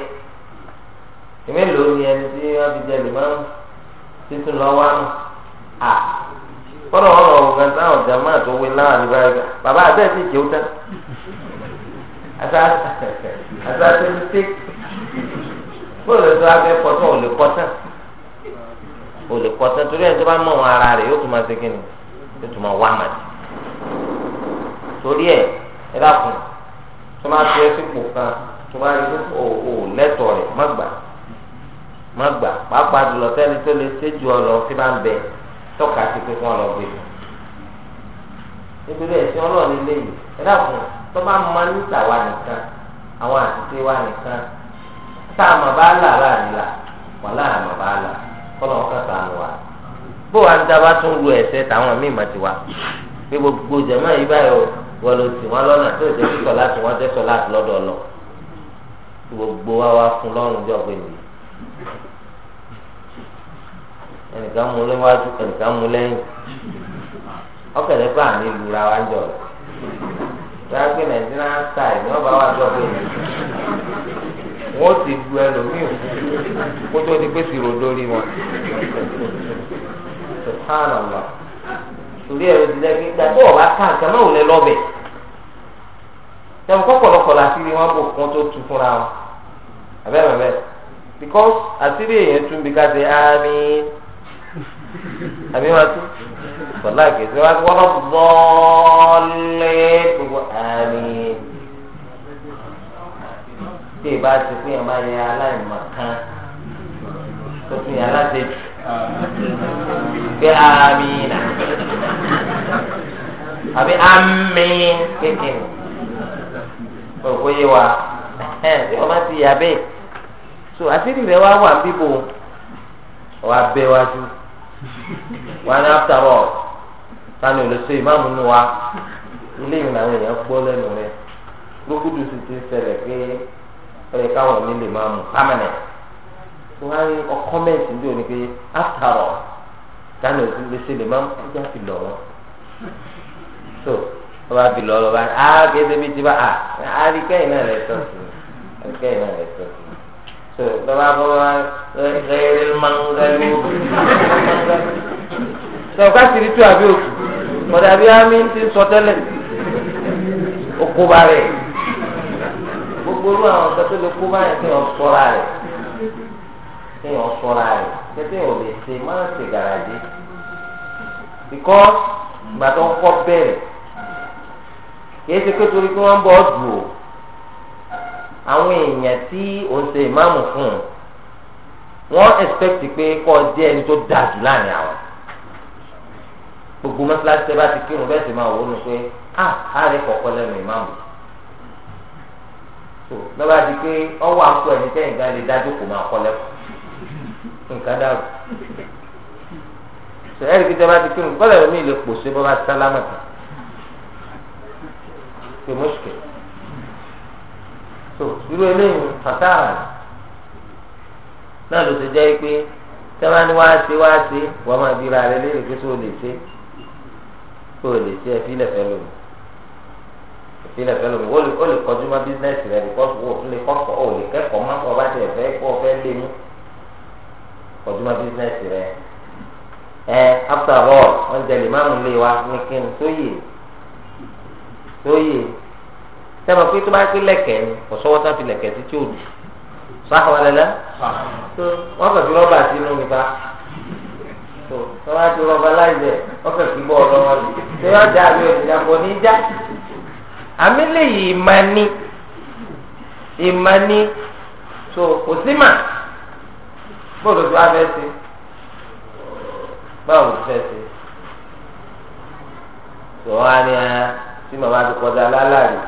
èmi lò ó ní ẹni tí wọ́n títún lọ wá mọ́ à wọn lọ jàmọ́ àti owó àti báyìí bàbá àti ẹ̀ jẹ́ torí ẹ̀ tó bá mọ̀ wọn ara rẹ̀ yóò tún máa ṣe kí ni. tó tuma wá màá sí. torí ẹ ẹ dákun tó máa fi ẹsẹ̀ pò kan tó máa rí o ò lẹ́tọ̀ọ́ má gbà má gbà pàápàá jùlọ sẹ́ni tó lè ṣe ju ọ̀rọ̀ tí bá ń bẹ tọ́ka sí pé gbé nítorí ẹ dákun tó bá níta wa nìkan àwọn nìkan tá a mọ̀ bá là láàrin là wà láàrin mọ̀ bá là kọ́ bó wa ń dábàá tún lu ẹsẹ táwọn míì máa ti wá pé gbogbo jẹmọ yìí báyìí wọn wọn tó jẹ kíkọ láti wọn jẹ sọ láti lọ́dọ̀ lọ gbogbo wa wá fún jọ pé nìyí ẹnìkan mú lẹ́wájú ẹnìkan mú ọkẹlẹ bá mi wa jọ gbé nàìjíríà ní ọba wa jọ pé hàn ọ̀nà torí ẹ̀rọ ti dẹ́gbẹ́ gbà tó ká nǹkan náà ò tẹ̀wọ́n kọ́kọ́lọ́kọ́ láti rí wọn bò fún tó tu fúnra wọn because àtìrí èèyàn tún bí ká ṣe àmì àmì wọn tún sọlá kẹsì wọn wọn gbogbo àmì tí ì bá ti pín pé amina àbí ami kékeré òkú oh, yé wa ọmọ ti yà abe so àtìrì rẹ wá wà bíbò wà bẹ́ wájú wà after all sani olóso ìmáàmù nù wa ilé ìrìn àwọn èèyàn gbọ́ lẹ́nu rẹ gbókùdù sì ti ṣẹlẹ̀ pé ẹ̀rẹ̀ káwọn nílé máàmù pàmẹ́nẹ̀ tó wáyé ọkọ́mẹ́ǹtì ń ní pé after all. kánò gbèsè lè má ń já fi lọ wọn so wọn bá fi lọ lọ bá a ah, kéde bíi ti bá a ah, a rí kẹ́yìn náà rẹ sọ̀tún rí kẹ́yìn náà rẹ sọ̀tún so lọ́wọ́ bọ́ wá rẹ́rẹ́ mangalú sọ̀ká sì rí tú àbí òkú kọ̀dà bí ámì ti sọ tẹ́lẹ̀ òkú bá rẹ̀ gbogbo olú àwọn ọ̀sẹ̀ tó lè kú báyìí kí wọ́n sọ́ra rẹ̀ kí sọ́ra rẹ̀ pẹ́pẹ́ ò lè ṣe má ṣe gàràjé bíkọ́ ìgbà tó ń kọ́ bẹ́ẹ̀ kìí ṣe pé torí pé wọ́n ń bọ́ ọ̀dù o àwọn èèyàn tí o ṣe ìmáàmù fún wọ́n expect pé kọ́ jẹ́ ẹni tó dáa jù láàrin àwọn gbogbo mọ́sálásí tẹ́ bá ti kírun bẹ́ẹ̀ sì máa wò ó nu pé ah àárẹ̀ kọ̀ọ̀kan lẹ́nu ìmáàmù tó lọ́ba di pé ọwọ́ àpò ẹni tẹ́yìn gan lè dájú kò máa kọ́ lẹ́kọ̀ọ́ nǹkan dàrú sọ ẹ̀rí kíkẹ́ bá ti kírun bọ́lá ẹ̀rọ mi lè pò sí bọ́lá sálámà kan pé mọ́ṣùkẹ́ tó irú eléyìí fàtàrà náà ló ti jẹ́ pé tẹ́wọ́n ní wá sí wá sí wọ́n máa bíra rẹ léèrè pé tó lè ṣe tó lè ṣe ẹ fílẹ̀ fẹ́ lómi ìpínlẹ̀ fẹ́ lómi ó lè kọjú mọ́ bísíǹnẹ̀sì rẹ̀ bíkọ́sì wo ò lè kọ́kọ́ ò lè kẹ́kọ̀ọ́ má kọ́ bá tẹ̀ fẹ́ kọ́ fẹ́ lé mú kọjúmọ́ bísínẹ́sì rẹ ẹ after all wọ́n jẹ lè máàmù lé wa ní kí ni tó yè tó yè sẹ́wọ̀n pé tó bá pé lẹ̀kẹ́ ni kò sọ́wọ́ tá fi lẹ̀kẹ́ sí tí ò dùn sáwọn lẹ́lẹ́ wọ́n kàn fi rọ́bà sínú nípa tó wọ́n á ti rọ́bà láìpẹ́ wọ́n kàn fi bọ́ ọ̀rọ̀ wọn tó yọ ọjà àbí òṣìṣẹ́ kò ní í já àmì lè yí ìmọ̀ ni ìmọ̀ ni tó kò sí mà bóòlù tó wá fẹ́ ṣe báwo ló fẹ́ ṣe tó wá ní ẹ ah, tí màmá ti kọjá lálàyé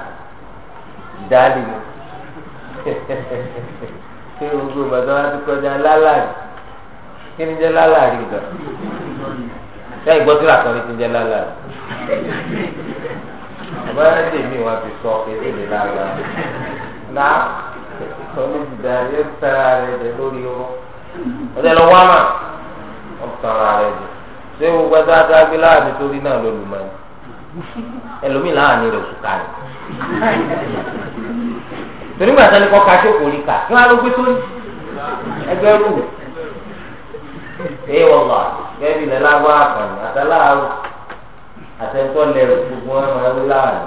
dálì mu ṣé gbogbo bàtà wá ti kọjá lálàyé kí ni jẹ́ lálàyé gan ṣé ìgbọ́ tí làkàn ní ti jẹ́ lálàyé bọ́lá tèmi wọn fi sọ eré mi lára náà onídìdá yóò tara rẹ̀ lórí wọn. ọ̀sẹ̀ lọ wá mà ọ̀sán ara rẹ̀ ṣé gbogbo ẹ̀sẹ̀ àti agbé láàbí torí náà ló lù mọ́ ẹ̀ ẹlòmíì láàánú rẹ̀ oṣù ká torí gbàtà ni ka kò rí kà kí wọ́n á ló gbé tó ẹgbẹ́ rù ee wọ́n wà àkànní àtàláàrú àtẹ̀ntọ́ lẹ́rù gbogbo wọn máa wí láàánú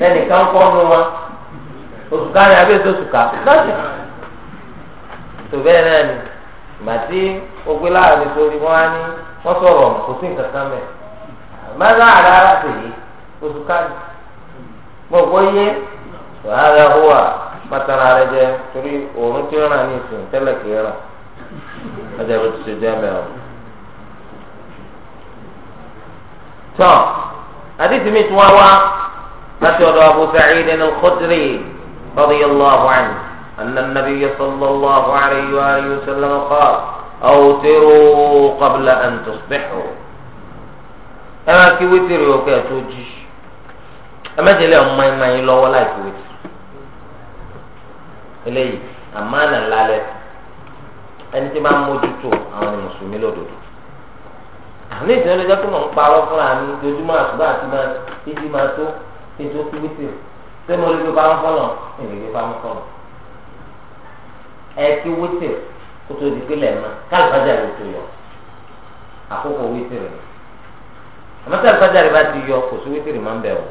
lẹ́nìkan kọ́ nu wọn oṣù tó bẹ́ẹ̀ náà ni ìgbà tí ó láàrin nítorí wọn á ní wọn sọ̀rọ̀ kò sí nǹkan kan mẹ́ mẹ́ta àrà ara sì oṣù káàdì mo gbọ́ yé wàhálà hùwà pátánà rẹ jẹ torí òórùn tí ó ràn ní ìsìn tẹ́lẹ̀ kì í ràn ọjà bó ti ṣe jẹ́ mẹ́rin. tọ́ àdìsí mi tún wá wá láti ọ̀dọ̀ Abu Sa'id al-Khudri radiyallahu anhu. أن النبي صلى الله عليه وآله وسلم قال أوتروا قبل أن تصبحوا أما كي وتر يوكا توجي أما تلي أمي ما يلو ولا كي وتر إلي أمانا لالت ẹni tí máa ń mójútó àwọn mùsùlùmí lòdòdó àní ìsìn ọlọjọ tó mọ̀ ń parọ́ fúnra mi dojúmọ́ àtúbà àti máa títí máa tó ètò kíwítì sẹ́mi olùgbé bá ń fọ́nà ìrègbè bá ń fọ́nà. ẹ ti di pélé mọ kálífàjárì ó tó yọ àkókò ni àmọ́ bá ti yọ kò sí wítìrì máa ń bẹ̀ wọ̀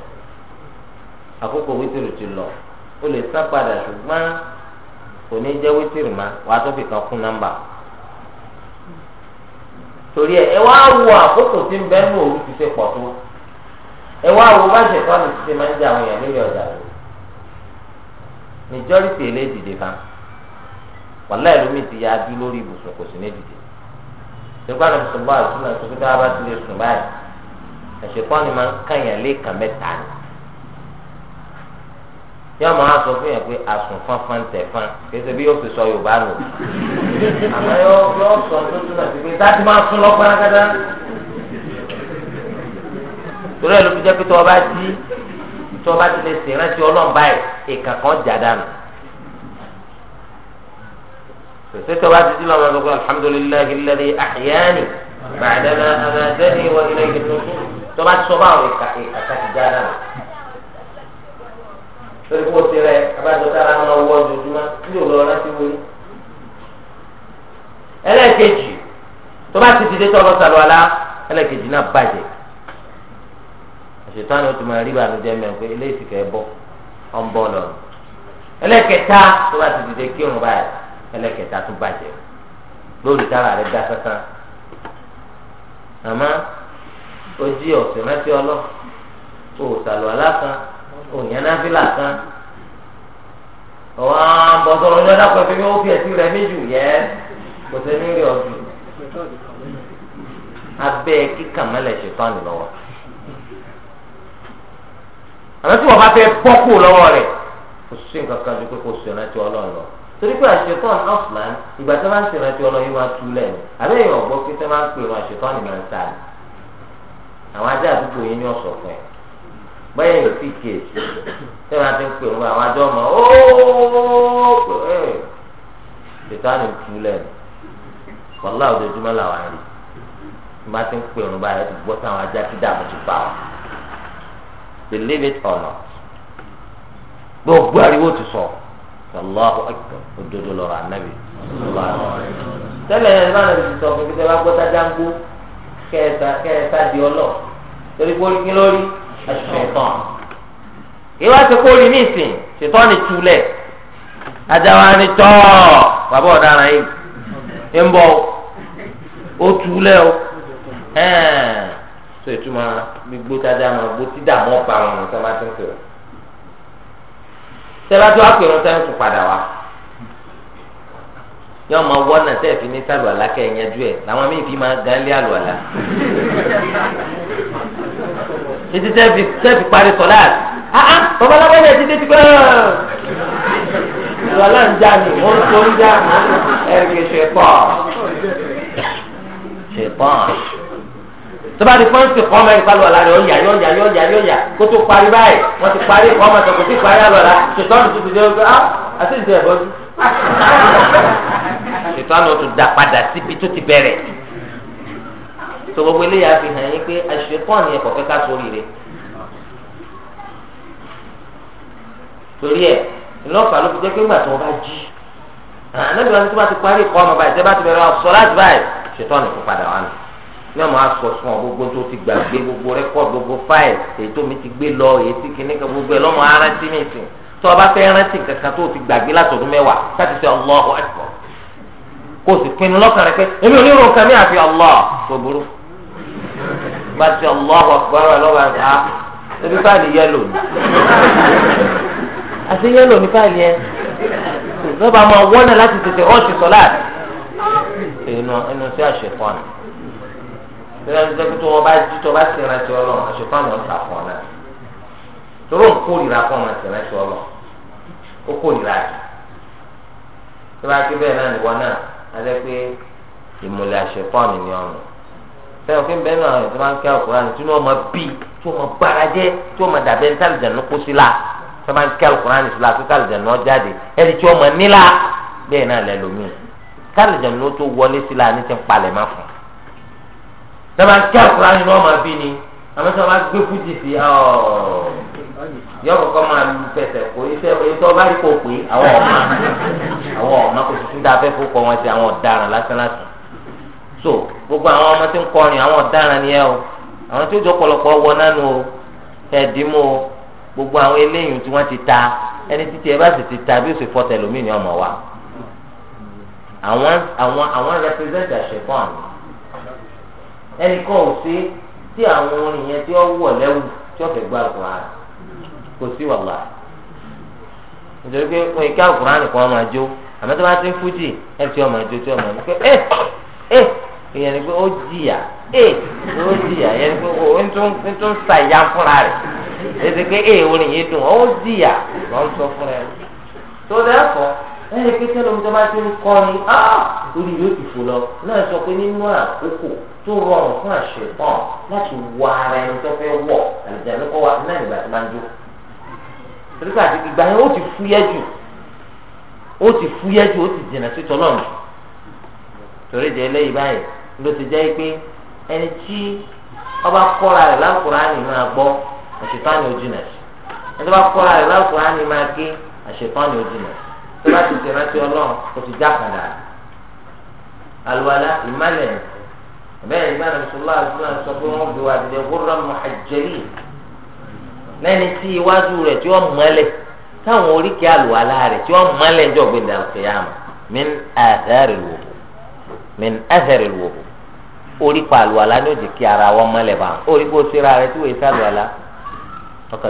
àkókò wítìrì ti lọ ó lè sá padà ṣùgbọ́n kò ní jẹ́ wítìrì má wàá tó fi kan kún nọ́mbà torí ẹ ẹ wo àkókò tí ń òru ti ṣe pọ̀ tó ẹ wáá wo bá ṣe fọ́ọ̀nù ti ṣe máa ń jẹ àwọn èèyàn wàlá ẹlòmíì ti ya adú lórí ibùsùn kò sí ní dìde ṣùgbọ́n àwọn mùsùlùmí àti sùnà tó kí dáa bá ti lè sùn báyìí ẹ̀ṣẹ̀kọ́ ni máa ń kàyàn léèkà mẹ́ta ni yóò máa sọ fún yàn pé àsùn fanfan tẹ̀ fan kéṣe bí yóò fi sọ Yorùbá nù àmọ́ yóò sọ tó túnà sí pé dáàtì máa sún lọ pátákátá torí ẹ̀ ló fi jẹ́ pé tọ́ ọba jí tọ́ ọba ti lè sèrántí ọlọ́mbáyé ìkàkọ́ jà sèso bá ti dín lọ́wọ́ lọ́wọ́ alhamdulilayi lẹ́dí àyáni bàdàna àmàdẹ́ni wà ilé ìdúró tó bá sọ bá àwọn ìkàkì àkàkì gánà rẹ̀. lórí kó o ti rẹ abájọ tára máa wọ ojoojúmọ́ kí ló lọ láti wọlé. ẹlẹ́ẹ̀kejì tó bá ti dìde tọ́ lọ sàlọ́ àlá ẹlẹ́ẹ̀kejì náà bàjẹ́. àṣetán ni o ti máa rí ìbànújẹ́ mẹ́rin pé ilé ìsìnkẹ́ bọ́ ọ̀ ń bọ́ lọ. ẹlẹ́ẹ̀kẹta tó bá ti dìde kírun báyìí ẹlẹ́kẹta tún bàjẹ́ lórí tára rẹ̀ dá kankan àmọ́ ojú ọ̀sẹ̀ rántí ọlọ́ òòtàlù alákan òyìnbílà kan ọ̀wá bọ̀sọ̀rọ̀ ní ọ̀dàpọ̀ fún mi ó fi ẹ̀sìn rẹ̀ méjì yẹ kò sẹ́ ní rí ọ̀sùn abẹ́ kíkà mẹ́lẹ̀ ṣètò àná lọ́wọ́ àmọ́ tí wọ́n bá fẹ́ bọ́kù lọ́wọ́ rẹ̀ kò sí nǹkan kan ju pé kò sí ọ̀nà tí ọlọ́run lọ torí pé àṣetán ọ̀flàn ìgbà tí wọ́n máa ń ṣe ìrántí ọlọ́yin máa tú lẹ̀ ní àbẹ́ èèyàn ọ̀gbọ́ pé tí wọ́n máa ń pè wọn àṣetán ni máa ń sá ni àwọn ajá àdúgbò yẹn ní ọ̀sọ̀ fún ẹ̀ bẹ́ẹ̀ yóò fi kéèsì tí wọ́n ti ń pè wọn àwọn ajá ọmọ ooo ẹ̀ ṣetán ni tú lẹ̀ ní wàhálà ojoojúmọ́ làwọn àrí tí wọ́n ti ń pè wọn báyìí gbọ́ táwọn ajá ti dààmú ti bá wọn believe it or not gbogbo ariwo ti sọ̀rọ̀ Allahu akbar òdodo lọ́rọ̀ ànábì tẹ́lẹ̀ ẹ bá nàbì sọ fún kíkẹ́ bá gbọ́tà jágbó kẹ́ẹ̀ta kẹ́ẹ̀ta di ọlọ́ torí kórí kí lórí ṣètọ́n ìwà ti kórí ní ìsìn ṣètọ́n ni túlẹ̀ ajáwa ni tọ́ bàbá ọ̀daràn yìí ń bọ̀ o ẹ̀ẹ́n so ìtumọ̀ gbígbó tájà sẹ́lájú àpèrún tẹ́ ń tún padà wá yọ ọmọ wọ́nà tẹ́ fi ní sálù àlákẹ́ ẹ̀yẹ́dú ẹ̀ làwọn míì fi máa gan lé àlù àlá títí tẹ́ fi tẹ́ fi parí sọ̀lá àá ah, ah, babaláwo náà títí ti pẹ́ àlù àlá ń já ni mo ń tó ń já ẹ̀rì kì í ṣe pọ̀ ṣe pọ̀ tọ́ba ti fọ́n ti kọ́ ọmọ yìí pálọ̀ la rẹ̀ ọ̀yà yọ̀yà yọ̀yà yọ̀yà kó tó parí báyìí wọ́n ti parí kọ́ ọmọ sọ̀kò tí parí àlọ́ la ṣètọ́nù tó ti dé ọgbẹ́ ah àti ìdí ẹ̀bọ sí. (laughs) ṣètọ́nù tó da padà síbi tó ti bẹ̀rẹ̀. tó gbogbo eléyà fi hàn yín pé àṣepọ́n ni ẹ̀kọ́ kẹ́kẹ́ sórí rẹ̀. torí ẹ̀ lọ́fà ló fi jẹ́ pé ńgbà tó bá jí yóò máa sọ fún ọ gbogbo tó ti gbàgbé gbogbo rẹkọd gbogbo fáìl èyí tó mi ti gbé lọ èyí tí kìíní kan gbogbo ẹ lọ́mọ arántí nìsín tó o bá fẹ́ rántí kankan tó o ti gbàgbé látọ̀dún mẹ́wàá láti ṣe Allahu Akbar kó o sì pinnu lọ́kàn rẹ pé èmi ò ní ro nǹkan mi àfi Allah tó burú bá ti Allahu Akbar lọ́wọ́ àti a ebi fáìlì yẹlò ni àti yẹlò ni fáìlì yẹn lọ́ba máa wọ́nà láti tètè ọ́ọ̀ṣì sọ́láàdì ẹnu ẹnu sí àṣẹ fún àná tẹ́lẹ̀ ń sẹ́kù tó wọ́n bá jí tó bá sì rántí ọlọ́run àṣepá àwọn ọ̀tà fún ọ náà tóró ń kórìíra fún ọmọ sì rántí ọlọ́run ó kórìíra rẹ̀ tó bá ké bẹ́ẹ̀ náà náà adé pé ìmùlẹ̀ àṣepá ọ̀nì ni ọ̀run sẹ́yìn òfin bẹ́ẹ̀ náà ètò máa ń kí àkùrá ni tí wọ́n mọ bí tí wọ́n mọ bára jẹ́ tí wọ́n mọ dàbẹ́ ntàlìjànú kó sí la tí wọ́n máa ń kí àkùrá ni sílá ntàlìjànú ọjáde ẹni tí wọ́n mọ nílá náà lẹ́ lómi ntàlìjànú tó wọlé sí ní ti ń palẹ̀ má fún sábà kí àkùrá ni wọ́n máa bí ni àmọ́ sábà gbé fújì sí yọ kọ́kọ́ máa lu pẹ̀sẹ̀ kó iṣẹ́ iṣẹ́ ọba rí kò pé àwọn ọ̀ma àwọn ọ̀ma kò tuntun tá a fẹ́ wọn sí àwọn ọ̀daràn lásán so gbogbo àwọn ọmọ tí ń kọrin àwọn ọ̀daràn ni ẹ o àwọn tí ó jọ pọ̀lọpọ̀ wọ nánu o ẹ̀dínmó o gbogbo àwọn eléyìí tí wọ́n ti ta ẹni títí ẹ bá sì ti ta bí ó sì ọmọ wa àwọn àwọn àwọn represent àṣepọ̀ àná ẹnìkan ò sí tí àwọn orin yẹn tí ó wọ̀ lẹ́wù tí ó fẹ́ gba àkùrán kò sí wàhálà nítorí pé wọn ìka àkùrán nìkan máa jó àmọ́ tó bá ti ń fújì ẹ ti ọmọ ìjó tí ọmọ ní ẹ ẹ ìyẹn ni pé ó jìyà ẹ eh, ó jìyà ìyẹn ni pé ó ń tún sa ìyá fúnra rẹ̀ ètò pé ẹ eh, orin yìí dùn ó jìyà wọ́n sọ fúnra rẹ̀ tó dẹ́kọ̀ọ́. ẹni pété lóun tó bá ti ń kọ́ ni orí yóò ti fò lọ náà sọ pé nínú àkókò tó rọrùn fún àṣepọ̀n láti wọ ara ẹni tó fẹ́ wọ̀ àlùjáde kọ́ wa náà nígbà tí máa ń jó torípa àti ìgbà yẹn ó ti fúyẹ́ jù ó ti fúyẹ́ jù ó ti jìnnà sí tọ́lọ́mù torí jẹ́ eléyìí báyìí ló ti jẹ́ pé ẹni tí ọba kọ́ra rẹ̀ lákùránì máa gbọ́ àṣepọ̀n ni ó jìnnà sí ẹni tó bá kọ́ra rẹ̀ lákùránì máa gé àṣepọ̀n ni ó jìnnà sí tó bá ti tẹ̀lé ti ọlọ́run kò ti já kàdà alùwàlà ìmálẹ̀ bẹ́ẹ̀ ìgbà náà sọlá àdúrà sọ pé wọ́n fi wà dídẹ wúrọ̀ muhajjali lẹ́ni tí iwájú rẹ̀ tí wọ́n mọ́lẹ̀ táwọn oríkèé alùwàlà rẹ̀ tí wọ́n mọ́lẹ̀ ń jọ gbẹ̀dẹ̀ àkèyàmù min athari lwudu min athari lwudu orí pa alùwàlà ní òjì kí ara wọn mọ́lẹ̀ bá wọn orí kó síra tí wọ́n ti alùwàlà ọkà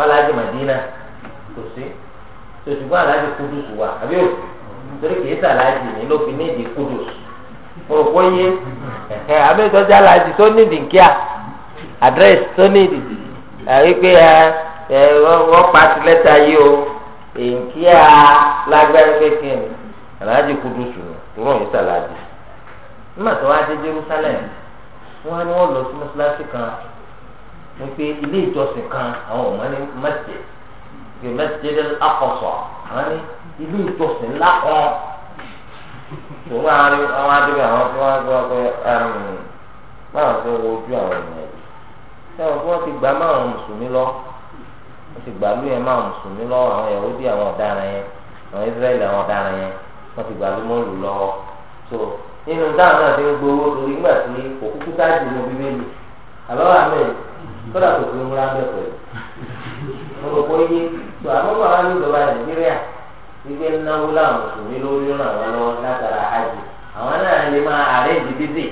falaji madina kò sí sòṣùgbọ́n aláàjì kudus wà àbí o torí kìí sàlájì ní ló fi nídìí kudus òròpó yé ẹ abẹ́sọ̀jà aláàjì tó nídìí nkíá àdírẹ́sì tó nídìí àrígbé ẹ ẹ wọ́n pàṣẹ lẹ́tà yìí o nkíá lágbára kékeré ni aláàjì kudus nù tòrò yìí sàlájì nígbà tó wá dé Jerusalem wọ́n á ní wọ́n lọ sí mọ́ṣáláṣí kan wípé ilé ìjọsìn kan àwọn ọmọ ní mẹsẹ kí mẹsẹ dé akọsọ àwọn ní ilé ìjọsìn ńlá kan tòun àwọn àwọn adébẹ àwọn tí wọn gbọ́ pé um, báwọn fẹ́ wo ojú àwọn ènìyàn yìí sẹwọn fún wọn ti gbà máwọn mùsùlùmí lọ wọn ti gbà lú yẹn máwọn mùsùlùmí lọ àwọn Yahudi àwọn ọ̀daràn yẹn àwọn Israẹli àwọn ọ̀daràn yẹn wọn ti gbà lú mọlù lọ́wọ́ so nínú táwọn náà ti ń gbowó lórí nígbà tí òkúkú táàdì ní bíbélì àbáwá mẹ́rin. kódà kò fi múra bẹ́ẹ̀ pẹ̀lú. mo rò pé yé tó àmọ́bọ̀ wa ní ìjọba nàìjíríà wípé náwó làwọn latara lórí ràn wọ́n lọ́wọ́ ma hajj àwọn náà abe máa àrẹ́jì bísí.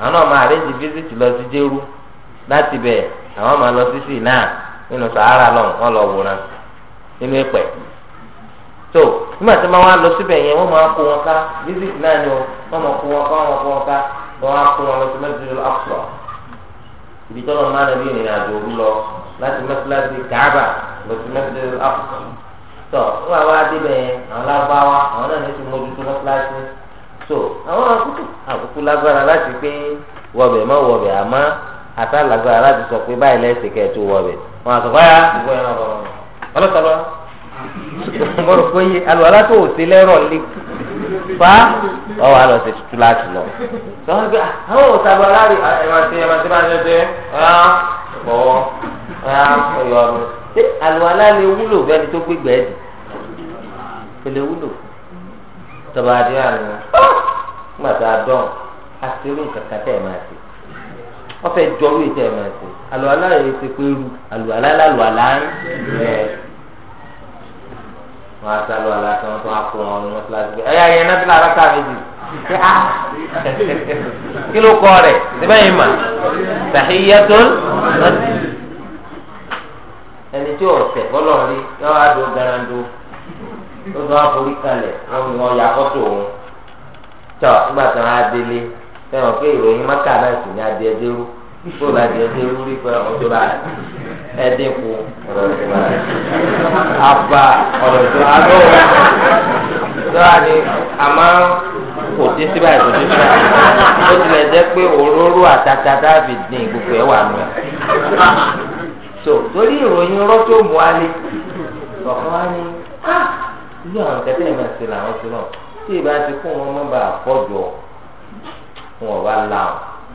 nọ ma àwọn náà máa àrẹ́jì bísí lọ sí jérú láti bẹ̀ àwọn lọ si si na sahara wọn á kó wọn lọ sí mẹsìlẹ Aqsa ibi tọ́lọ̀ máa nàbí ìrìn àjò òru lọ láti mẹsìlẹ́sì Kaaba lọ sí mẹsìlẹ Aqsa tọ wọn àwọn adébẹ̀ yẹn àwọn lágbáwá àwọn náà ní ti mójútó mẹsìlẹ́sì so àwọn àkókò àkókò lágbára láti pé wọbẹ̀ má wọbẹ̀ àmọ́ àtàlágbára láti sọ pé báyìí lẹ́sẹ̀ kẹ́ẹ̀tù wọbẹ̀ (laughs) tó ò sí fa ọwọ́ àlọ́ ṣe tutù láti lọ. sọ́wọ́n gbé ah, àwọn òṣàbọ̀ aláàrí ah, ẹ̀rọ̀tì ẹ̀rọ̀tì máa ń ṣẹṣẹ ọ̀yà bọ̀wọ̀ ọ̀yà ọ̀yọ̀ ọ̀rọ̀ ṣé àlùwàlá lè wúlò bẹ́ẹ̀ ni tó gbé gbẹ́ẹ̀dì kò lè wúlò tọba adé àná nígbà tá a dán aṣerú kankan tẹ̀ máa ṣe wọ́n fẹ́ jọ́rú ìtẹ̀ máa ṣe àlùwàlá yẹn ti pé ru àlùwàlá lálùwàlá ń bẹ̀ẹ́ wọn á sálọ aláṣẹ wọn tó á kó wọn ní mọ́tíláṣí pé ẹ̀yà yẹn náà ti lára ká méjì kí ló kọ́ rẹ̀ síbẹ̀ yìí mà tahiyyatul masjid ẹni tí o fẹ́ bọ́lọ̀ rí yọ wá do garando ó tún wá forí kalẹ̀ wọn ni wọn ya kọ́tò òun tọ́ nígbà tí wọn á délé fẹ́ràn pé ìròyìn mọ́kà náà sì ní adé ẹdẹ́rú bó o bá jẹ ṣe ń rí pé ọjọ́ bá ẹ dínkù ọ̀rọ̀ ìgbà àbá ọ̀rọ̀ ìgbà àbọ̀ lọ́wọ́ ni àmọ́ kò dé sí báyìí kò dé sí báyìí ó tilẹ̀ jẹ́ pé òróró àtàtà dábì dín gbogbo ẹ̀ wà nù ẹ̀ so torí ìròyìn rọ́tò mú alẹ́ ọ̀kan wá ní ah, ilé àwọn kẹtẹ́ ìmọ̀ sí làwọn sí náà tí ìbá ti kó wọn mọ́ bá àpọ̀jọ wọn ò bá la wọn.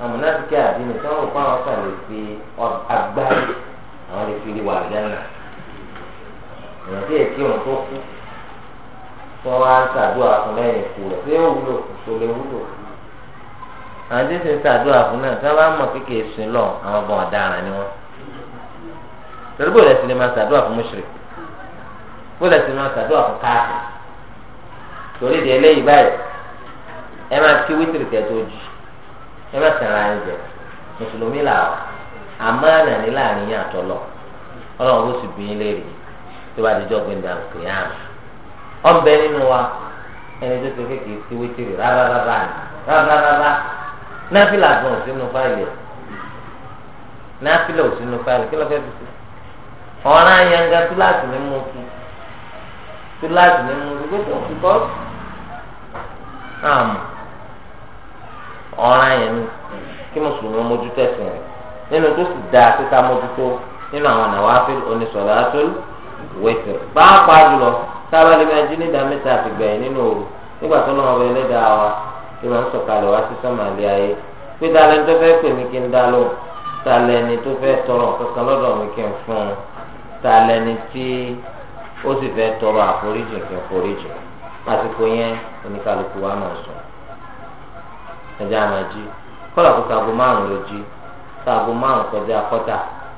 amúnáfíkì àdínì tí wọn kọ àwọn kan lè fi agbárí àwọn lè fi wà lẹ́nà èèyàn tí èkí òun tó kú tí wọn á ń ṣàdúrà fún lẹ́yìn ikú rẹ̀ pé ó wúlò kò lè wúlò àwọn tí ń ṣe ṣàdúrà fún náà tí wọn bá mọ̀ kékeré sin lọ àwọn ọmọ ọ̀daràn ni wọn torí bó lẹ ti lè máa ṣàdúrà fún mùsùlùmí bó lẹ ti lè máa ṣàdúrà fún káàkiri torí ìdí eléyìí báyìí ẹ máa kí wítìrì kẹtó jù. ẹ má tẹ̀ra ẹ jẹ mùsùlùmí là wà àmọ́ ní láàrin yín àtọ́lọ̀ ọlọ́run ó sì bí yín léèrè tó bá dijọ́ gbẹ̀ndà òkè yàn ọ̀bẹ nínú wa ẹni tó ti kékeré sí wétìrì rárá rárá rárá náfìlà gan ò fáìlì ẹ̀ náfìlà ò fáìlì kí ló fẹ́ fi ní mú ní mú kọ́ ọ̀ràn yẹn ni kí mùsùlùmí mójútó ẹ̀sìn rẹ̀ nínú tó sì dáa tó ká mójútó nínú àwọn nàwáfíl onísọ̀látul wítìr pàápàá jùlọ sábàlì máa jí ní ìdámẹ́ta àtìgbẹ̀yìn nínú òru nígbà tó lọ́wọ́ bẹ lẹ́dàá wa tí wọ́n ń sọ̀kalẹ̀ wá sí sọ́màlẹ́ ayé pé dalẹ́ni tó fẹ́ pè mí kí n dá lóhùn talẹ́ni tó fẹ́ tọrọ kankan lọ́dọ̀ mi kí n fún un talẹ́ni tí ó sì fẹ́ tọrọ àforíjì kí n foríjì àsìkò yẹn oníkàlùkù wa máa sùn ẹjẹ àmà jí kọlà kó sago márùn ló jí sago márùn kọjá kọta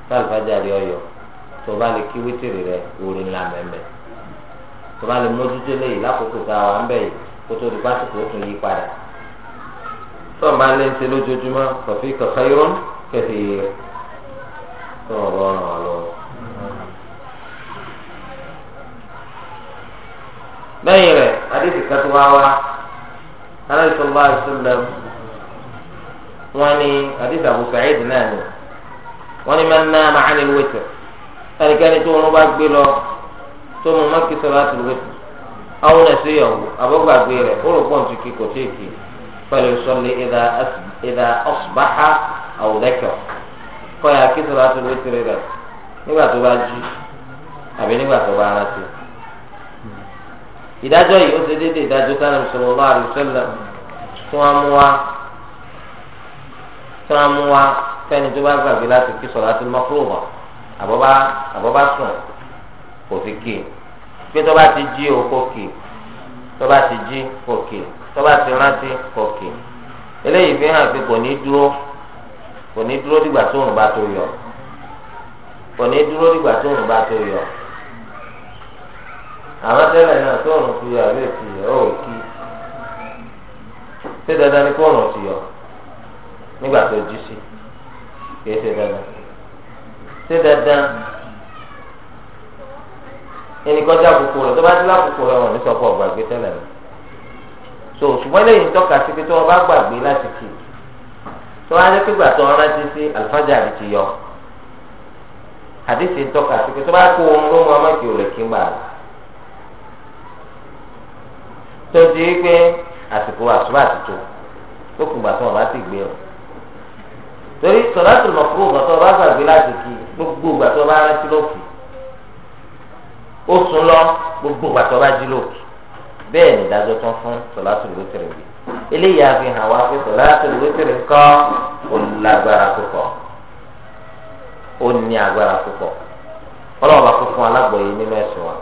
sálùfájà rí ọyọ tó bá lè kí wítìrì rẹ orin ńlá mẹ́mẹ́ tó bá lè mójútó léyìí lákòókò tá a wà ń bẹ̀ yìí kó tó di pásítọ̀ ó tún yí padà tó bá lè ń ṣe lójoojúmọ́ kọfí kọfá irun kẹfì tó ń rọ ọ̀ràn lọ. lẹ́yìn rẹ̀ adé ti kẹ́tù wá wá aláìsọ̀lá ìṣẹ̀lẹ̀. wani ní àdìsí Abu Sa'id náà ni wọ́n ní máa ń ná màá ní wẹ́tẹ̀ tó wọn bá gbé lọ tó mu má sọlá tó wẹ́tẹ̀ àwọn ẹ̀sẹ̀ yọ̀wò àbọ̀gbàgbé rẹ̀ ó rò osbaha tukì kò tí ì kì ìdá ya kí sọlá tó nígbà tó bá jí àbí nígbà tó bá ìdájọ́ yìí ó ìdájọ́ sálẹ̀ tí wọ́n mú wa fẹ́ni tó bá gbàgbé láti kí sọ̀rọ̀ láti mọ́ kúrò wọ̀ àbọ̀bá àbọ̀bá sùn kò fi kì í pé tó bá ti jí o kò kì í tó bá ti jí kò kì í tó bá ti rántí kò kì eléyìí fi hàn pé kò ní dúró kò ní dúró dìgbà tó òun bá tó yọ kò ní dúró dìgbà tó òun bá tó yọ àwọn tẹ́lẹ̀ náà tó òun fi yọ àbẹ́ fi yọ ó kí ṣé dandan ni kó òun ti yọ nígbà tó jí sí kìí ṣe dandan ṣe dandan ẹnìkan já kókó rẹ tó bá ti lákòókò rẹ wọn ní sọ fún ọgbà gbé tẹ́lẹ̀ rẹ so ṣùgbọ́n lẹ́yìn tọ́ka sí pé tí wọ́n bá gbàgbé láti kì í tó wá ní pígbà tó rántí sí àlùfáàjà rẹ ti yọ àdéhìí tọ́ka sí pé tó bá kó ohun ló mú ọmọ kí o lè kí n gbà rẹ tó di pé àsìkò àsùbà ti tó lókùngbà tí wọn bá ti gbé o. torí sọláàtì mọ̀kúrò gbàtọ́ bá gbàgbé láti kí gbogbo gbàtọ́ bá rántí lókè ó lọ gbogbo gbàtọ́ bá jí lókè bẹ́ẹ̀ ni ìdájọ́ tán fún sọláàtì lótìrì bi eléyìí àfi hàn wá pé sọláàtì lótìrì kọ́ ó púpọ̀ ó ní agbára púpọ̀ ọlọ́run bá alágbọ̀yé nínú ẹ̀sìn wa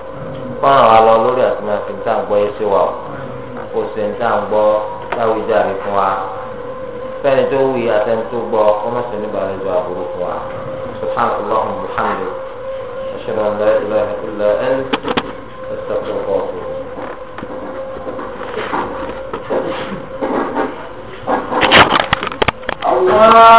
kọ́ran wa lọ lórí àti máa fi ń sí wa o sì ń tà fẹ́ni tó wù yí àtẹni tó gbọ́ ọmọọ̀sẹ̀ níbà rẹ̀ ju àbúrò fún wa subhanahu wa ta'ala muhammed ashhadu an la ilaha illa anta astaghfiruka wa atubu Allah